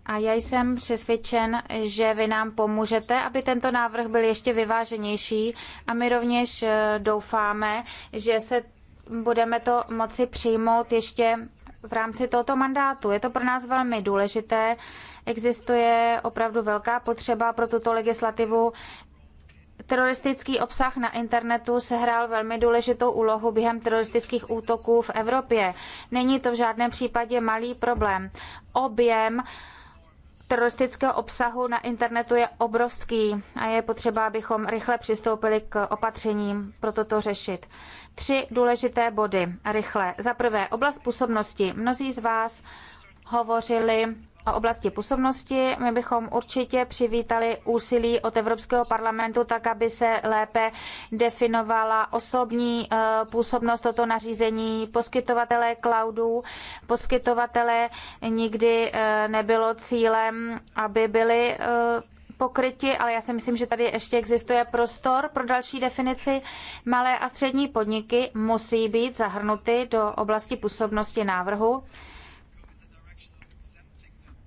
a já jsem přesvědčen, že vy nám pomůžete, aby tento návrh byl ještě vyváženější a my rovněž eh, doufáme, že se budeme to moci přijmout ještě v rámci tohoto mandátu. Je to pro nás velmi důležité. Existuje opravdu velká potřeba pro tuto legislativu. Teroristický obsah na internetu sehrál velmi důležitou úlohu během teroristických útoků v Evropě. Není to v žádném případě malý problém. Objem teroristického obsahu na internetu je obrovský a je potřeba, abychom rychle přistoupili k opatřením pro toto řešit. Tři důležité body rychle. Za prvé, oblast působnosti. Mnozí z vás hovořili o oblasti působnosti. My bychom určitě přivítali úsilí od Evropského parlamentu tak, aby se lépe definovala osobní eh, působnost toto nařízení. Poskytovatele cloudů, poskytovatele nikdy eh, nebylo cílem, aby byly eh, pokryti, ale já si myslím, že tady ještě existuje prostor pro další definici. Malé a střední podniky musí být zahrnuty do oblasti působnosti návrhu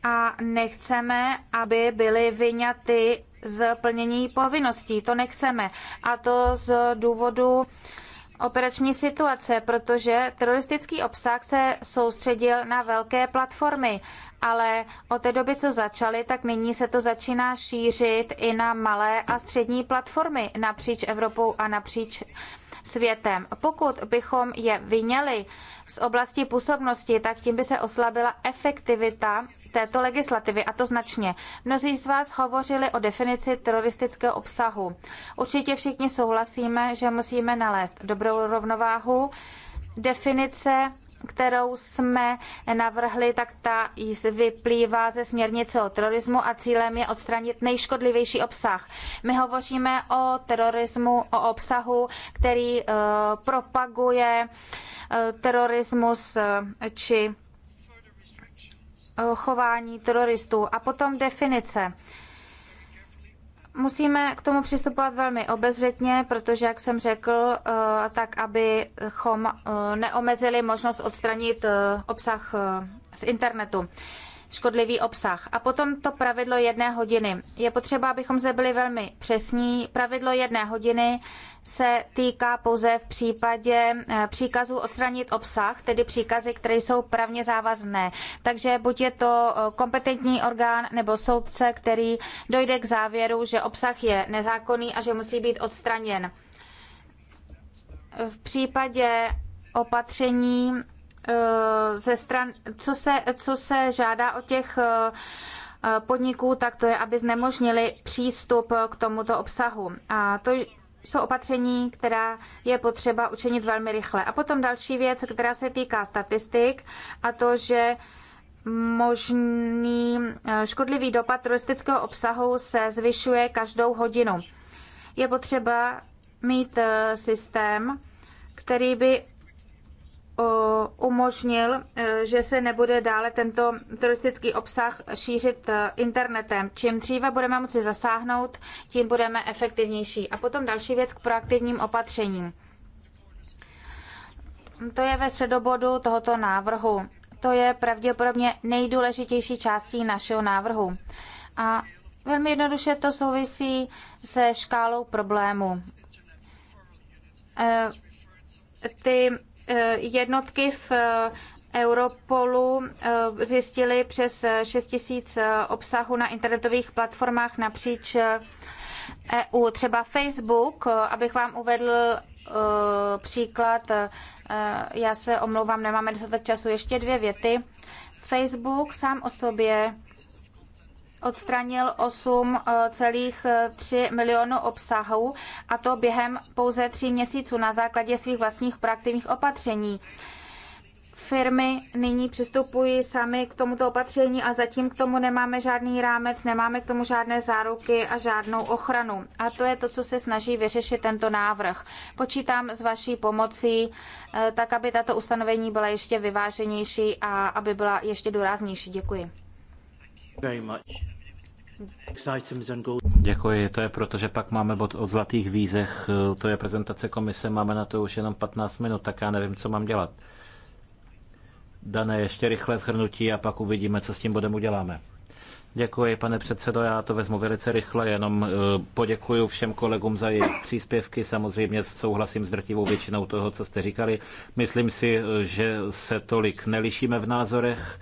a nechceme, aby byly vyňaty z plnění povinností. To nechceme. A to z důvodu operační situace, protože teroristický obsah se soustředil na velké platformy, ale od té doby, co začaly, tak nyní se to začíná šířit i na malé a střední platformy napříč Evropou a napříč světem. Pokud bychom je vyněli z oblasti působnosti, tak tím by se oslabila efektivita této legislativy, a to značně. Mnozí z vás hovořili o definici teroristického obsahu. Určitě všichni souhlasíme, že musíme nalézt dobrou rovnováhu definice kterou jsme navrhli, tak ta vyplývá ze směrnice o terorismu a cílem je odstranit nejškodlivější obsah. My hovoříme o terorismu, o obsahu, který eh, propaguje eh, terorismus eh, či Eh, chování teroristů. A potom definice. Musíme k tomu přistupovat velmi obezřetně, protože, jak jsem řekl, eh, tak abychom eh, neomezili možnost odstranit obsah z internetu škodlivý obsah. A potom to pravidlo jedné hodiny. Je potřeba, abychom zde byli velmi přesní. Pravidlo jedné hodiny se týká pouze v případě eh, příkazu odstranit obsah, tedy příkazy, které jsou právně závazné. Takže buď je to eh, kompetentní orgán nebo soudce, který dojde k závěru, že obsah je nezákonný a že musí být odstraněn. V případě opatření Eh, ze stran, co se, co se žádá o těch eh, eh, podniků, tak to je, aby znemožnili přístup k tomuto obsahu. A to jsou opatření, která je potřeba učinit velmi rychle. A potom další věc, která se týká statistik a to, že možný škodlivý dopad turistického obsahu se zvyšuje každou hodinu. Je potřeba mít systém, který by umožnil, e, že se nebude dále tento teroristický obsah šířit e, internetem. Čím dříve budeme moci zasáhnout, tím budeme efektivnější. A potom další věc k proaktivním opatřením. To je ve středobodu tohoto návrhu. To je pravděpodobně nejdůležitější částí našeho návrhu. A velmi jednoduše to souvisí se škálou problému. E, ty Eh, jednotky v eh, Europolu eh, zjistili přes 6 tisíc obsahu na internetových platformách napříč EU, e třeba Facebook, abych vám uvedl příklad, já se omlouvám, nemáme dostatek času, ještě dvě věty. Facebook sám o sobě odstranil 8,3 eh, eh, milionu obsahů a to během pouze tří měsíců na základě svých vlastních proaktivních opatření firmy nyní přistupují sami k tomuto opatření a zatím k tomu nemáme žádný rámec, nemáme k tomu žádné záruky a žádnou ochranu. A to je to, co se snaží vyřešit tento návrh. Počítám s vaší pomocí, eh, tak aby tato ustanovení byla ještě vyváženější a aby byla ještě důraznější. Děkuji. Děkuji, to je proto, že pak máme bod o zlatých vízech, to je prezentace komise, máme na to už jenom 15 minut, tak já nevím, co mám dělat. Dané, ještě rychlé shrnutí a pak uvidíme, co s tím bodem uděláme. Děkuji, pane předsedo, já to vezmu velice rychle, jenom eh, poděkuji všem kolegům za jejich příspěvky, samozřejmě souhlasím s drtivou většinou toho, co jste říkali. Myslím si, eh, že se tolik nelišíme v názorech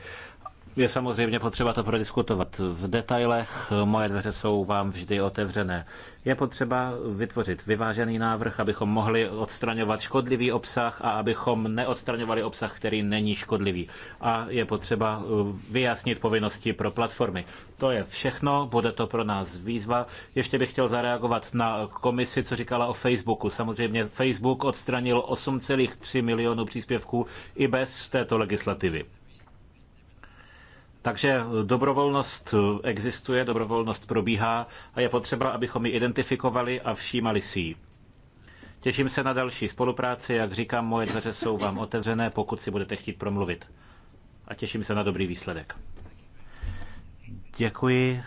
je samozřejmě potřeba to prodiskutovat v detailech. Moje dveře jsou vám vždy otevřené. Je potřeba vytvořit vyvážený návrh, abychom mohli odstraňovat škodlivý obsah a abychom neodstraňovali obsah, který není škodlivý. A je potřeba uh, vyjasnit povinnosti pro platformy. To je všechno, bude to pro nás výzva. Ještě bych chtěl zareagovat na komisi, co říkala o Facebooku. Samozřejmě Facebook odstranil 8,3 milionů příspěvků i bez této legislativy. Takže dobrovolnost existuje, dobrovolnost probíhá a je potřeba, abychom ji identifikovali a všímali si ji. Těším se na další spolupráci, jak říkám, moje dveře jsou vám otevřené, pokud si budete chtít promluvit. A těším se na dobrý výsledek. Děkuji.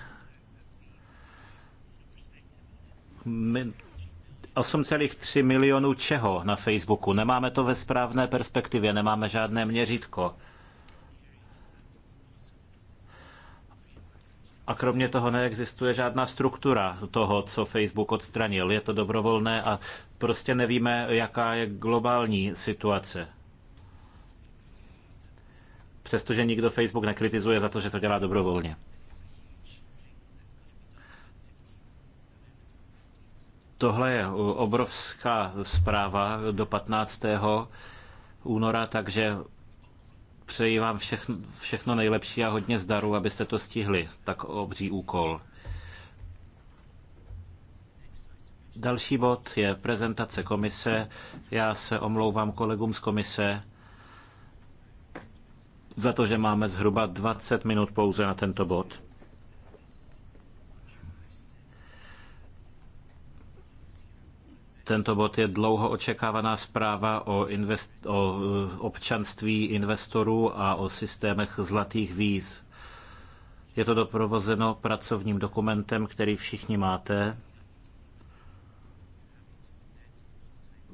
8,3 milionů čeho na Facebooku? Nemáme to ve správné perspektivě, nemáme žádné měřítko. A kromě toho neexistuje žádná struktura toho, co Facebook odstranil. Je to dobrovolné a prostě nevíme, jaká je globální situace. Přestože nikdo Facebook nekritizuje za to, že to dělá dobrovolně. Tohle je obrovská zpráva do 15. února, takže Přeji vám všechno, všechno nejlepší a hodně zdaru, abyste to stihli. Tak obří úkol. Další bod je prezentace komise. Já se omlouvám kolegům z komise za to, že máme zhruba 20 minut pouze na tento bod. Tento bod je dlouho očekávaná zpráva o, invest, o eh, občanství investorů a o systémech zlatých víz. Je to doprovozeno pracovním dokumentem, který všichni máte.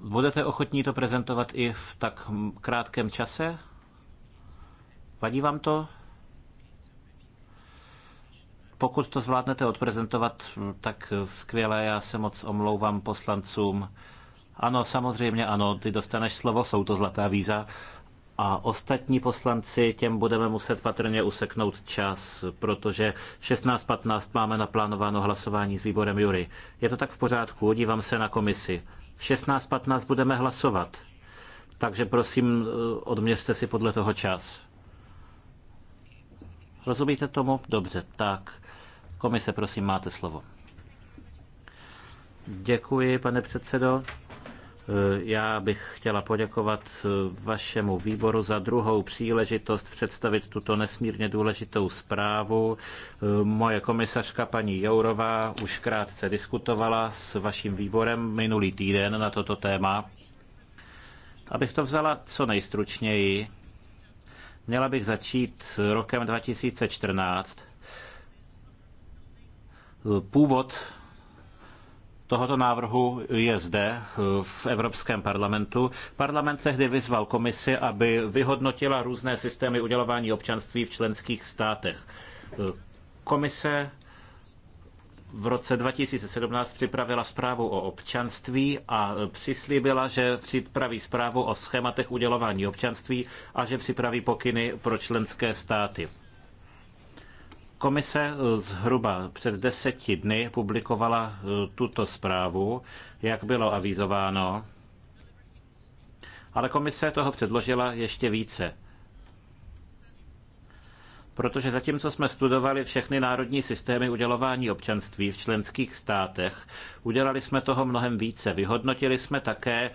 Budete ochotní to prezentovat i v tak krátkém čase? Vadí vám to? Pokud to zvládnete odprezentovat, tak skvěle, já se moc omlouvám poslancům. Ano, samozřejmě ano, ty dostaneš slovo, jsou to zlatá víza. A ostatní poslanci, těm budeme muset patrně useknout čas, protože 16.15 máme naplánováno hlasování s výborem Jury. Je to tak v pořádku, dívám se na komisi. V 16.15 budeme hlasovat, takže prosím, odměřte si podle toho čas. Rozumíte tomu? Dobře, tak. Komise, prosím, máte slovo. Děkuji, pane předsedo. Já bych chtěla poděkovat vašemu výboru za druhou příležitost představit tuto nesmírně důležitou zprávu. Moje komisařka paní Jourová už krátce diskutovala s vaším výborem minulý týden na toto téma. Abych to vzala co nejstručněji, měla bych začít rokem 2014, Původ tohoto návrhu je zde eh, v Evropském parlamentu. Parlament tehdy vyzval komisi, aby vyhodnotila různé systémy udělování občanství v členských státech. Eh, komise v roce 2017 připravila zprávu o občanství a eh, přislíbila, že připraví zprávu o schématech udělování občanství a že připraví pokyny pro členské státy. Komise eh, zhruba před deseti dny publikovala eh, tuto zprávu, jak bylo avizováno, ale komise toho předložila ještě více. Protože zatímco jsme studovali všechny národní systémy udělování občanství v členských státech, udělali jsme toho mnohem více. Vyhodnotili jsme také e,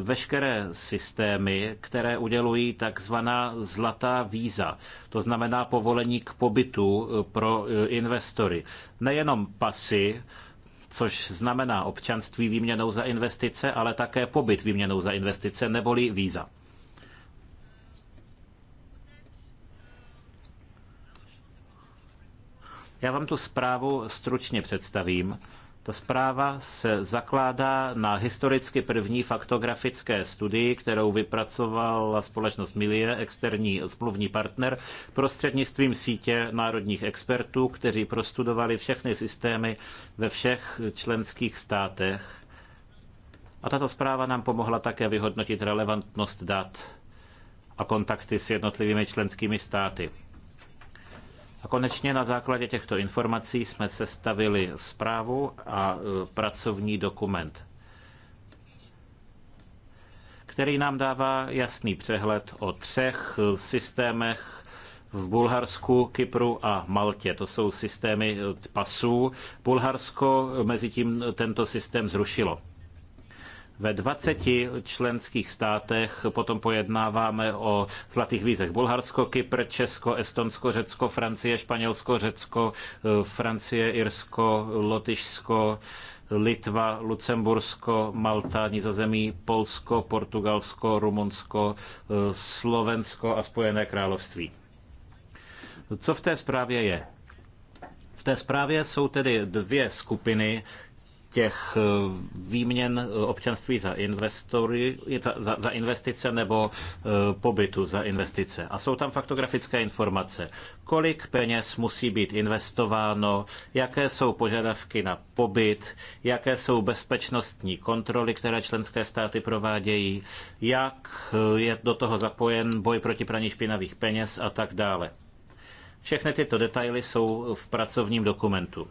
veškeré systémy, které udělují takzvaná zlatá víza, to znamená povolení k pobytu e, pro e, investory. Nejenom pasy, což znamená občanství výměnou za investice, ale také pobyt výměnou za investice neboli víza. Já vám tu zprávu stručně představím. Ta zpráva se zakládá na historicky první faktografické studii, kterou vypracovala společnost Milie, externí smluvní partner, prostřednictvím sítě národních expertů, kteří prostudovali všechny systémy ve všech členských státech. A tato zpráva nám pomohla také vyhodnotit relevantnost dat a kontakty s jednotlivými členskými státy. A konečně na základě těchto informací jsme sestavili zprávu a e, pracovní dokument, který nám dává jasný přehled o třech e, systémech v Bulharsku, Kypru a Maltě. To jsou systémy e, pasů. Bulharsko mezi tím tento systém zrušilo. Ve 20 členských státech potom pojednáváme o zlatých vízech Bulharsko, Kypr, Česko, Estonsko, Řecko, Francie, Španělsko, Řecko, eh, Francie, Irsko, Lotyšsko, Litva, Lucembursko, Malta, Nizozemí, Polsko, Portugalsko, Rumunsko, eh, Slovensko a Spojené království. Co v té zprávě je? V té zprávě jsou tedy dvě skupiny, těch eh, výměn eh, občanství za, investory, za, za investice nebo eh, pobytu za investice. A jsou tam faktografické informace. Kolik peněz musí být investováno, jaké jsou požadavky na pobyt, jaké jsou bezpečnostní kontroly, které členské státy provádějí, jak je do toho zapojen boj proti praní špinavých peněz a tak dále. Všechny tyto detaily jsou v pracovním dokumentu.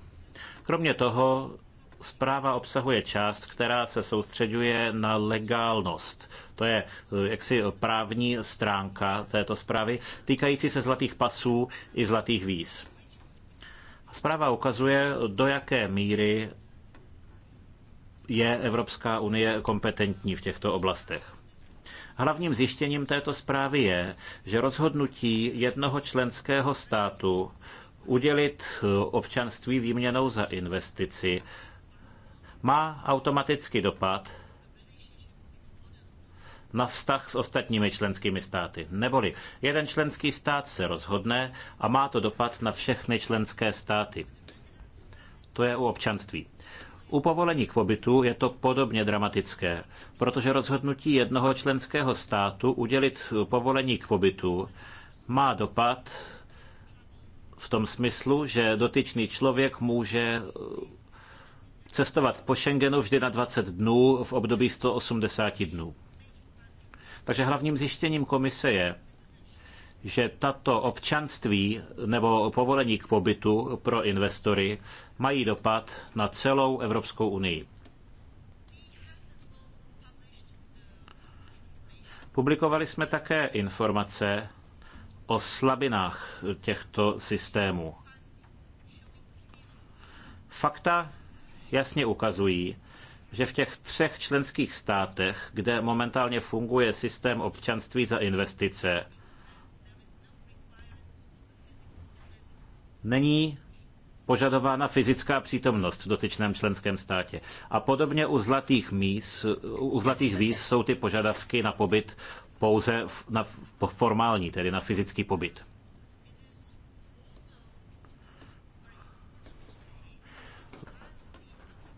Kromě toho Zpráva obsahuje část, která se soustředuje na legálnost. To je eh, jaksi právní stránka této zprávy, týkající se zlatých pasů i zlatých víz. Zpráva ukazuje, do jaké míry je Evropská unie kompetentní v těchto oblastech. Hlavním zjištěním této zprávy je, že rozhodnutí jednoho členského státu udělit eh, občanství výměnou za investici má automaticky dopad na vztah s ostatními členskými státy. Neboli jeden členský stát se rozhodne a má to dopad na všechny členské státy. To je u občanství. U povolení k pobytu je to podobně dramatické, protože rozhodnutí jednoho členského státu udělit povolení k pobytu má dopad v tom smyslu, že dotyčný člověk může cestovat po Schengenu vždy na 20 dnů v období 180 dnů. Takže hlavním zjištěním komise je, že tato občanství nebo povolení k pobytu pro investory mají dopad na celou Evropskou unii. Publikovali jsme také informace o slabinách těchto systémů. Fakta jasně ukazují, že v těch třech členských státech, kde momentálně funguje systém občanství za investice, není požadována fyzická přítomnost v dotyčném členském státě. A podobně u zlatých, míz, u zlatých víz jsou ty požadavky na pobyt pouze na formální, tedy na fyzický pobyt.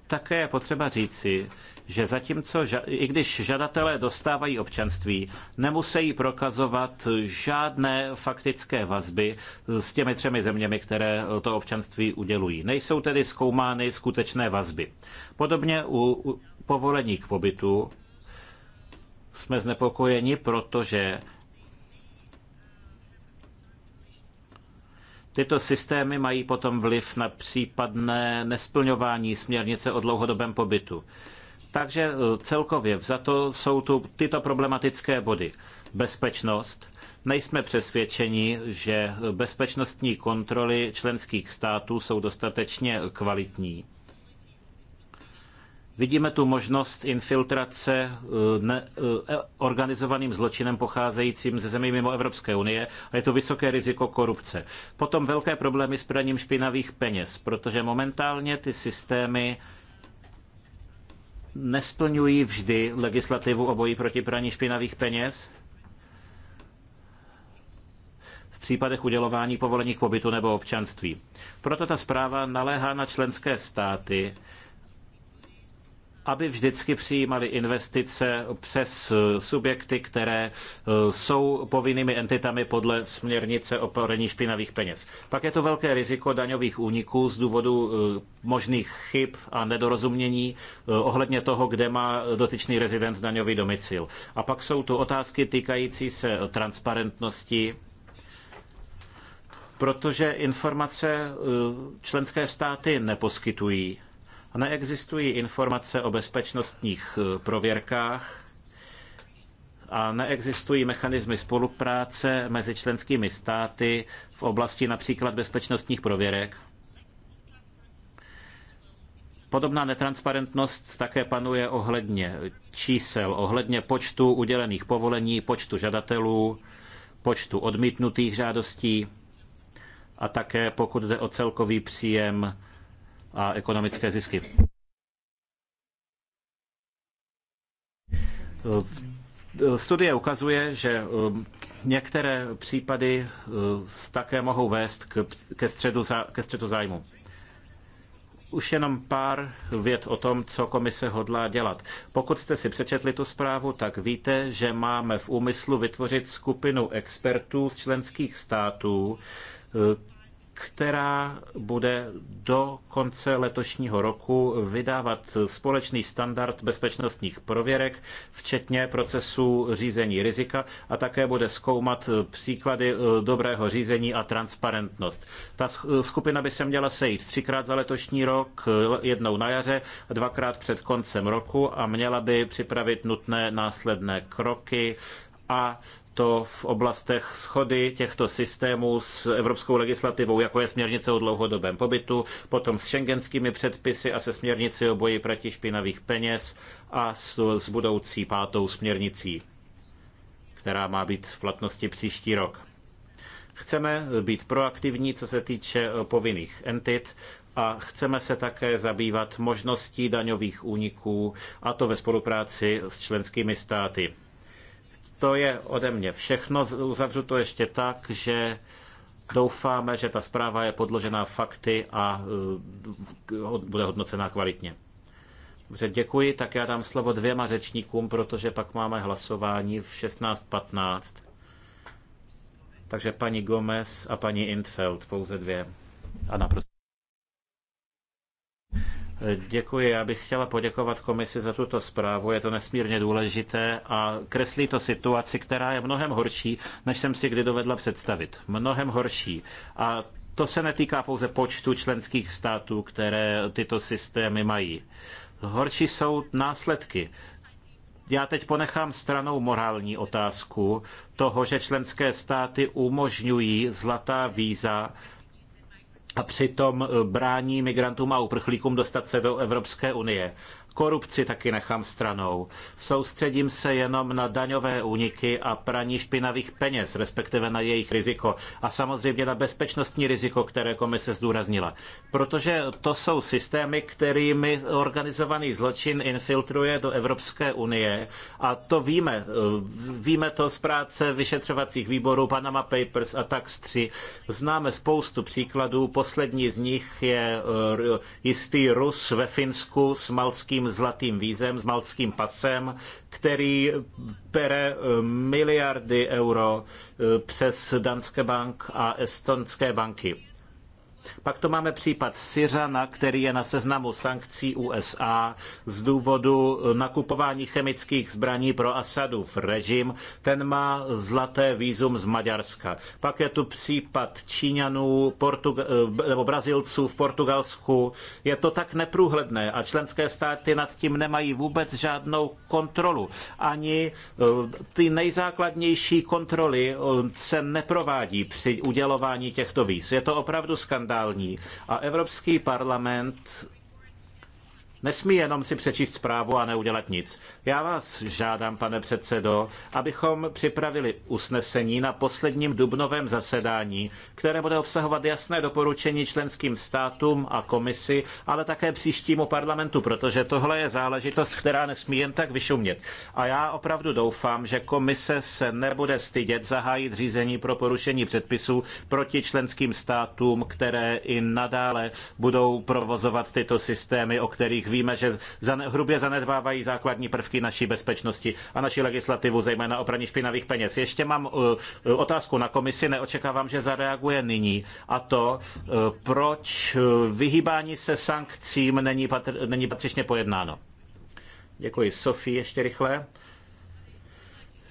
Také je potřeba říci, že zatímco, i když žadatelé dostávají občanství, nemusí prokazovat žádné faktické vazby s těmi třemi zeměmi, které to občanství udělují. Nejsou tedy zkoumány skutečné vazby. Podobně u povolení k pobytu jsme znepokojeni, protože Tyto systémy mají potom vliv na případné nesplňování směrnice o dlouhodobém pobytu. Takže e, celkově za to jsou tu tyto problematické body. Bezpečnost. Nejsme přesvědčeni, že bezpečnostní kontroly členských států jsou dostatečně kvalitní. Vidíme tu možnost infiltrace eh, eh, organizovaným zločinem pocházejícím ze zemí mimo Evropské unie a je to vysoké riziko korupce. Potom velké problémy s praním špinavých peněz, protože momentálně ty systémy nesplňují vždy legislativu o boji proti praní špinavých peněz. V případech udělování povolení k pobytu nebo občanství. Proto ta zpráva naléhá na členské státy, aby vždycky přijímali investice přes eh, subjekty, které eh, jsou povinnými entitami podle směrnice o poradní špinavých peněz. Pak je to velké riziko daňových úniků z důvodu eh, možných chyb a nedorozumění ohledně toho, kde má dotyčný rezident daňový domicil. A pak jsou tu otázky týkající se transparentnosti protože informace členské státy neposkytují. Neexistují informace o bezpečnostních eh, prověrkách a neexistují mechanismy spolupráce mezi členskými státy v oblasti například bezpečnostních prověrek. Podobná netransparentnost také panuje ohledně čísel, ohledně počtu udělených povolení, počtu žadatelů, počtu odmítnutých žádostí a také pokud jde o celkový příjem a ekonomické zisky. Eh, studie ukazuje, že eh, některé případy eh, také mohou vést ke středu, ke středu zájmu. Už jenom pár věd o tom, co komise hodlá dělat. Pokud jste si přečetli tu zprávu, tak víte, že máme v úmyslu vytvořit skupinu expertů z členských států, která bude do konce letošního roku vydávat společný standard bezpečnostních prověrek, včetně procesu řízení rizika a také bude zkoumat příklady eh, dobrého řízení a transparentnost. Ta eh, skupina by se měla sejít třikrát za letošní rok, eh, jednou na jaře, dvakrát před koncem roku a měla by připravit nutné následné kroky a to v oblastech schody těchto systémů s evropskou legislativou, jako je směrnice o dlouhodobém pobytu, potom s šengenskými předpisy a se směrnici o boji proti špinavých peněz a s, s budoucí pátou směrnicí, která má být v platnosti příští rok. Chceme být proaktivní, co se týče eh, povinných entit, a chceme se také zabývat možností daňových úniků, a to ve spolupráci s členskými státy. To je ode mě všechno. Uzavřu to ještě tak, že doufáme, že ta zpráva je podložená fakty a eh, bude hodnocená kvalitně. Dobře, děkuji. Tak já dám slovo dvěma řečníkům, protože pak máme hlasování v 16.15. Takže paní Gomez a paní Intfeld, pouze dvě. A naprosto. Děkuji. Já bych chtěla poděkovat komisi za tuto zprávu. Je to nesmírně důležité a kreslí to situaci, která je mnohem horší, než jsem si kdy dovedla představit. Mnohem horší. A to se netýká pouze počtu členských států, které tyto systémy mají. Horší jsou následky. Já teď ponechám stranou morální otázku toho, že členské státy umožňují zlatá víza a přitom brání migrantům a uprchlíkům dostat se do Evropské unie. Korupci taky nechám stranou. Soustředím se jenom na daňové úniky a praní špinavých peněz, respektive na jejich riziko a samozřejmě na bezpečnostní riziko, které komise zdůraznila. Protože to jsou systémy, kterými organizovaný zločin infiltruje do Evropské unie a to víme. Víme to z práce vyšetřovacích výborů Panama Papers a tak 3. Známe spoustu příkladů, poslední z nich je eh, jistý Rus ve Finsku s malským zlatým vízem, s maltským pasem, který pere eh, miliardy euro eh, přes Danske Bank a estonské banky. Pak to máme případ Syřana, který je na seznamu sankcí USA z důvodu nakupování chemických zbraní pro Asadův režim. Ten má zlaté výzum z Maďarska. Pak je tu případ Číňanů nebo Brazilců v Portugalsku. Je to tak neprůhledné a členské státy nad tím nemají vůbec žádnou kontrolu. Ani eh, ty nejzákladnější kontroly eh, se neprovádí při udělování těchto víz. Je to opravdu skandál liberální. A Evropský parlament Nesmí jenom si přečíst zprávu a neudělat nic. Já vás žádám, pane předsedo, abychom připravili usnesení na posledním dubnovém zasedání, které bude obsahovat jasné doporučení členským státům a komisi, ale také příštímu parlamentu, protože tohle je záležitost, která nesmí jen tak vyšumět. A já opravdu doufám, že komise se nebude stydět zahájit řízení pro porušení předpisů proti členským státům, které i nadále budou provozovat tyto systémy, o kterých Víme, že hrubě zanedbávají základní prvky naší bezpečnosti a naší legislativu, zejména o praní špinavých peněz. Ještě mám uh, uh, otázku na komisi, neočekávám, že zareaguje nyní. A to, uh, proč vyhýbání se sankcím není, patr- není patřičně pojednáno. Děkuji. Sofie, ještě rychle.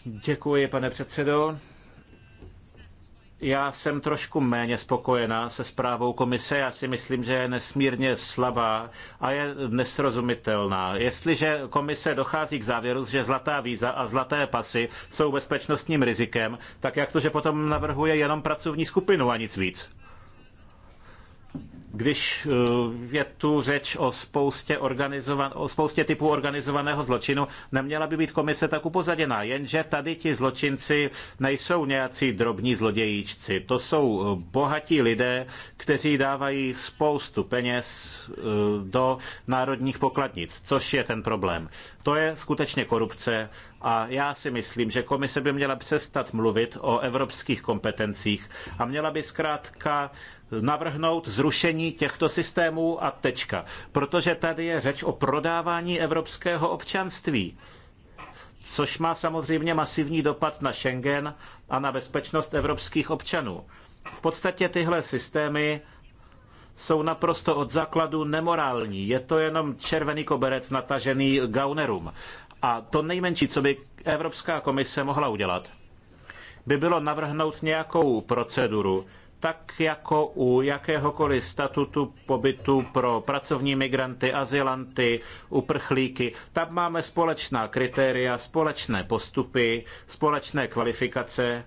Děkuji, pane předsedo. Já jsem trošku méně spokojená se zprávou komise. Já si myslím, že je nesmírně slabá a je nesrozumitelná. Jestliže komise dochází k závěru, že zlatá víza a zlaté pasy jsou bezpečnostním rizikem, tak jak to, že potom navrhuje jenom pracovní skupinu a nic víc? když eh, je tu řeč o spoustě, organizovan, o spoustě typů organizovaného zločinu, neměla by být komise tak upozaděná. Jenže tady ti zločinci nejsou nějací drobní zlodějíčci. To jsou eh, bohatí lidé, kteří dávají spoustu peněz eh, do národních pokladnic, což je ten problém. To je skutečně korupce a já si myslím, že komise by měla přestat mluvit o evropských kompetencích a měla by zkrátka navrhnout zrušení těchto systémů a tečka. Protože tady je řeč o prodávání evropského občanství což má samozřejmě masivní dopad na Schengen a na bezpečnost evropských občanů. V podstatě tyhle systémy jsou naprosto od základu nemorální. Je to jenom červený koberec natažený gaunerům. A to nejmenší, co by Evropská komise mohla udělat, by bylo navrhnout nějakou proceduru, tak jako u jakéhokoliv statutu pobytu pro pracovní migranty, azylanty, uprchlíky. Tam máme společná kritéria, společné postupy, společné kvalifikace.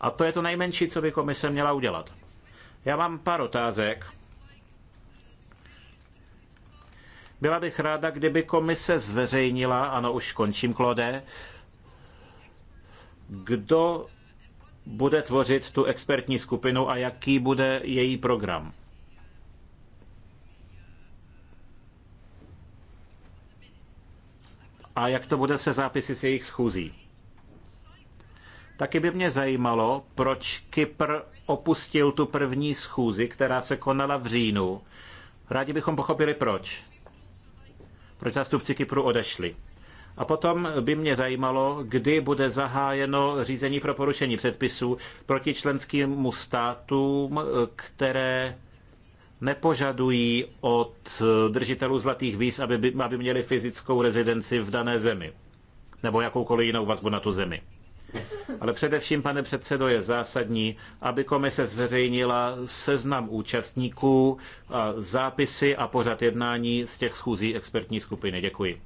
A to je to nejmenší, co by komise měla udělat. Já mám pár otázek Byla bych ráda, kdyby komise zveřejnila, ano už končím, Klode, kdo bude tvořit tu expertní skupinu a jaký bude její program. A jak to bude se zápisy z jejich schůzí? Taky by mě zajímalo, proč Kypr opustil tu první schůzi, která se konala v říjnu. Rádi bychom pochopili proč proč zástupci Kypru odešli. A potom by mě zajímalo, kdy bude zahájeno řízení pro porušení předpisů proti členským státům, které nepožadují od držitelů zlatých víz, aby, by, aby měli fyzickou rezidenci v dané zemi nebo jakoukoliv jinou vazbu na tu zemi. Ale především, pane předsedo, je zásadní, aby komise zveřejnila seznam účastníků, zápisy a pořad jednání z těch schůzí expertní skupiny. Děkuji.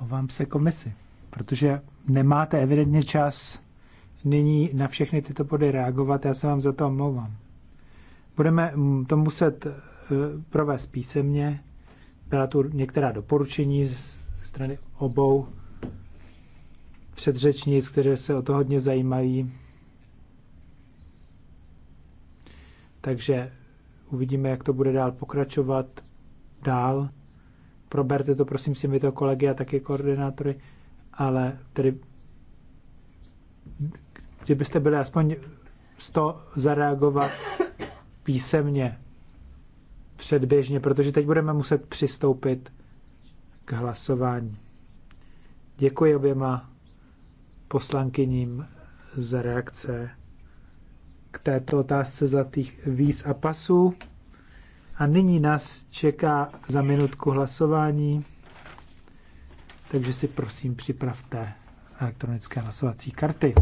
Omlouvám se komisi, protože nemáte evidentně čas nyní na všechny tyto body reagovat. Já se vám za to omlouvám. Budeme to muset eh, provést písemně. Byla tu některá doporučení ze strany obou předřečnic, které se o to hodně zajímají. Takže uvidíme, jak to bude dál pokračovat. Dál. Proberte to, prosím, si mi to kolegy a taky koordinátory, ale tedy kdybyste byli aspoň 100 zareagovat písemně předběžně, protože teď budeme muset přistoupit k hlasování. Děkuji oběma poslankyním za reakce k této otázce zlatých víz a pasů. A nyní nás čeká za minutku hlasování, takže si prosím připravte elektronické hlasovací karty.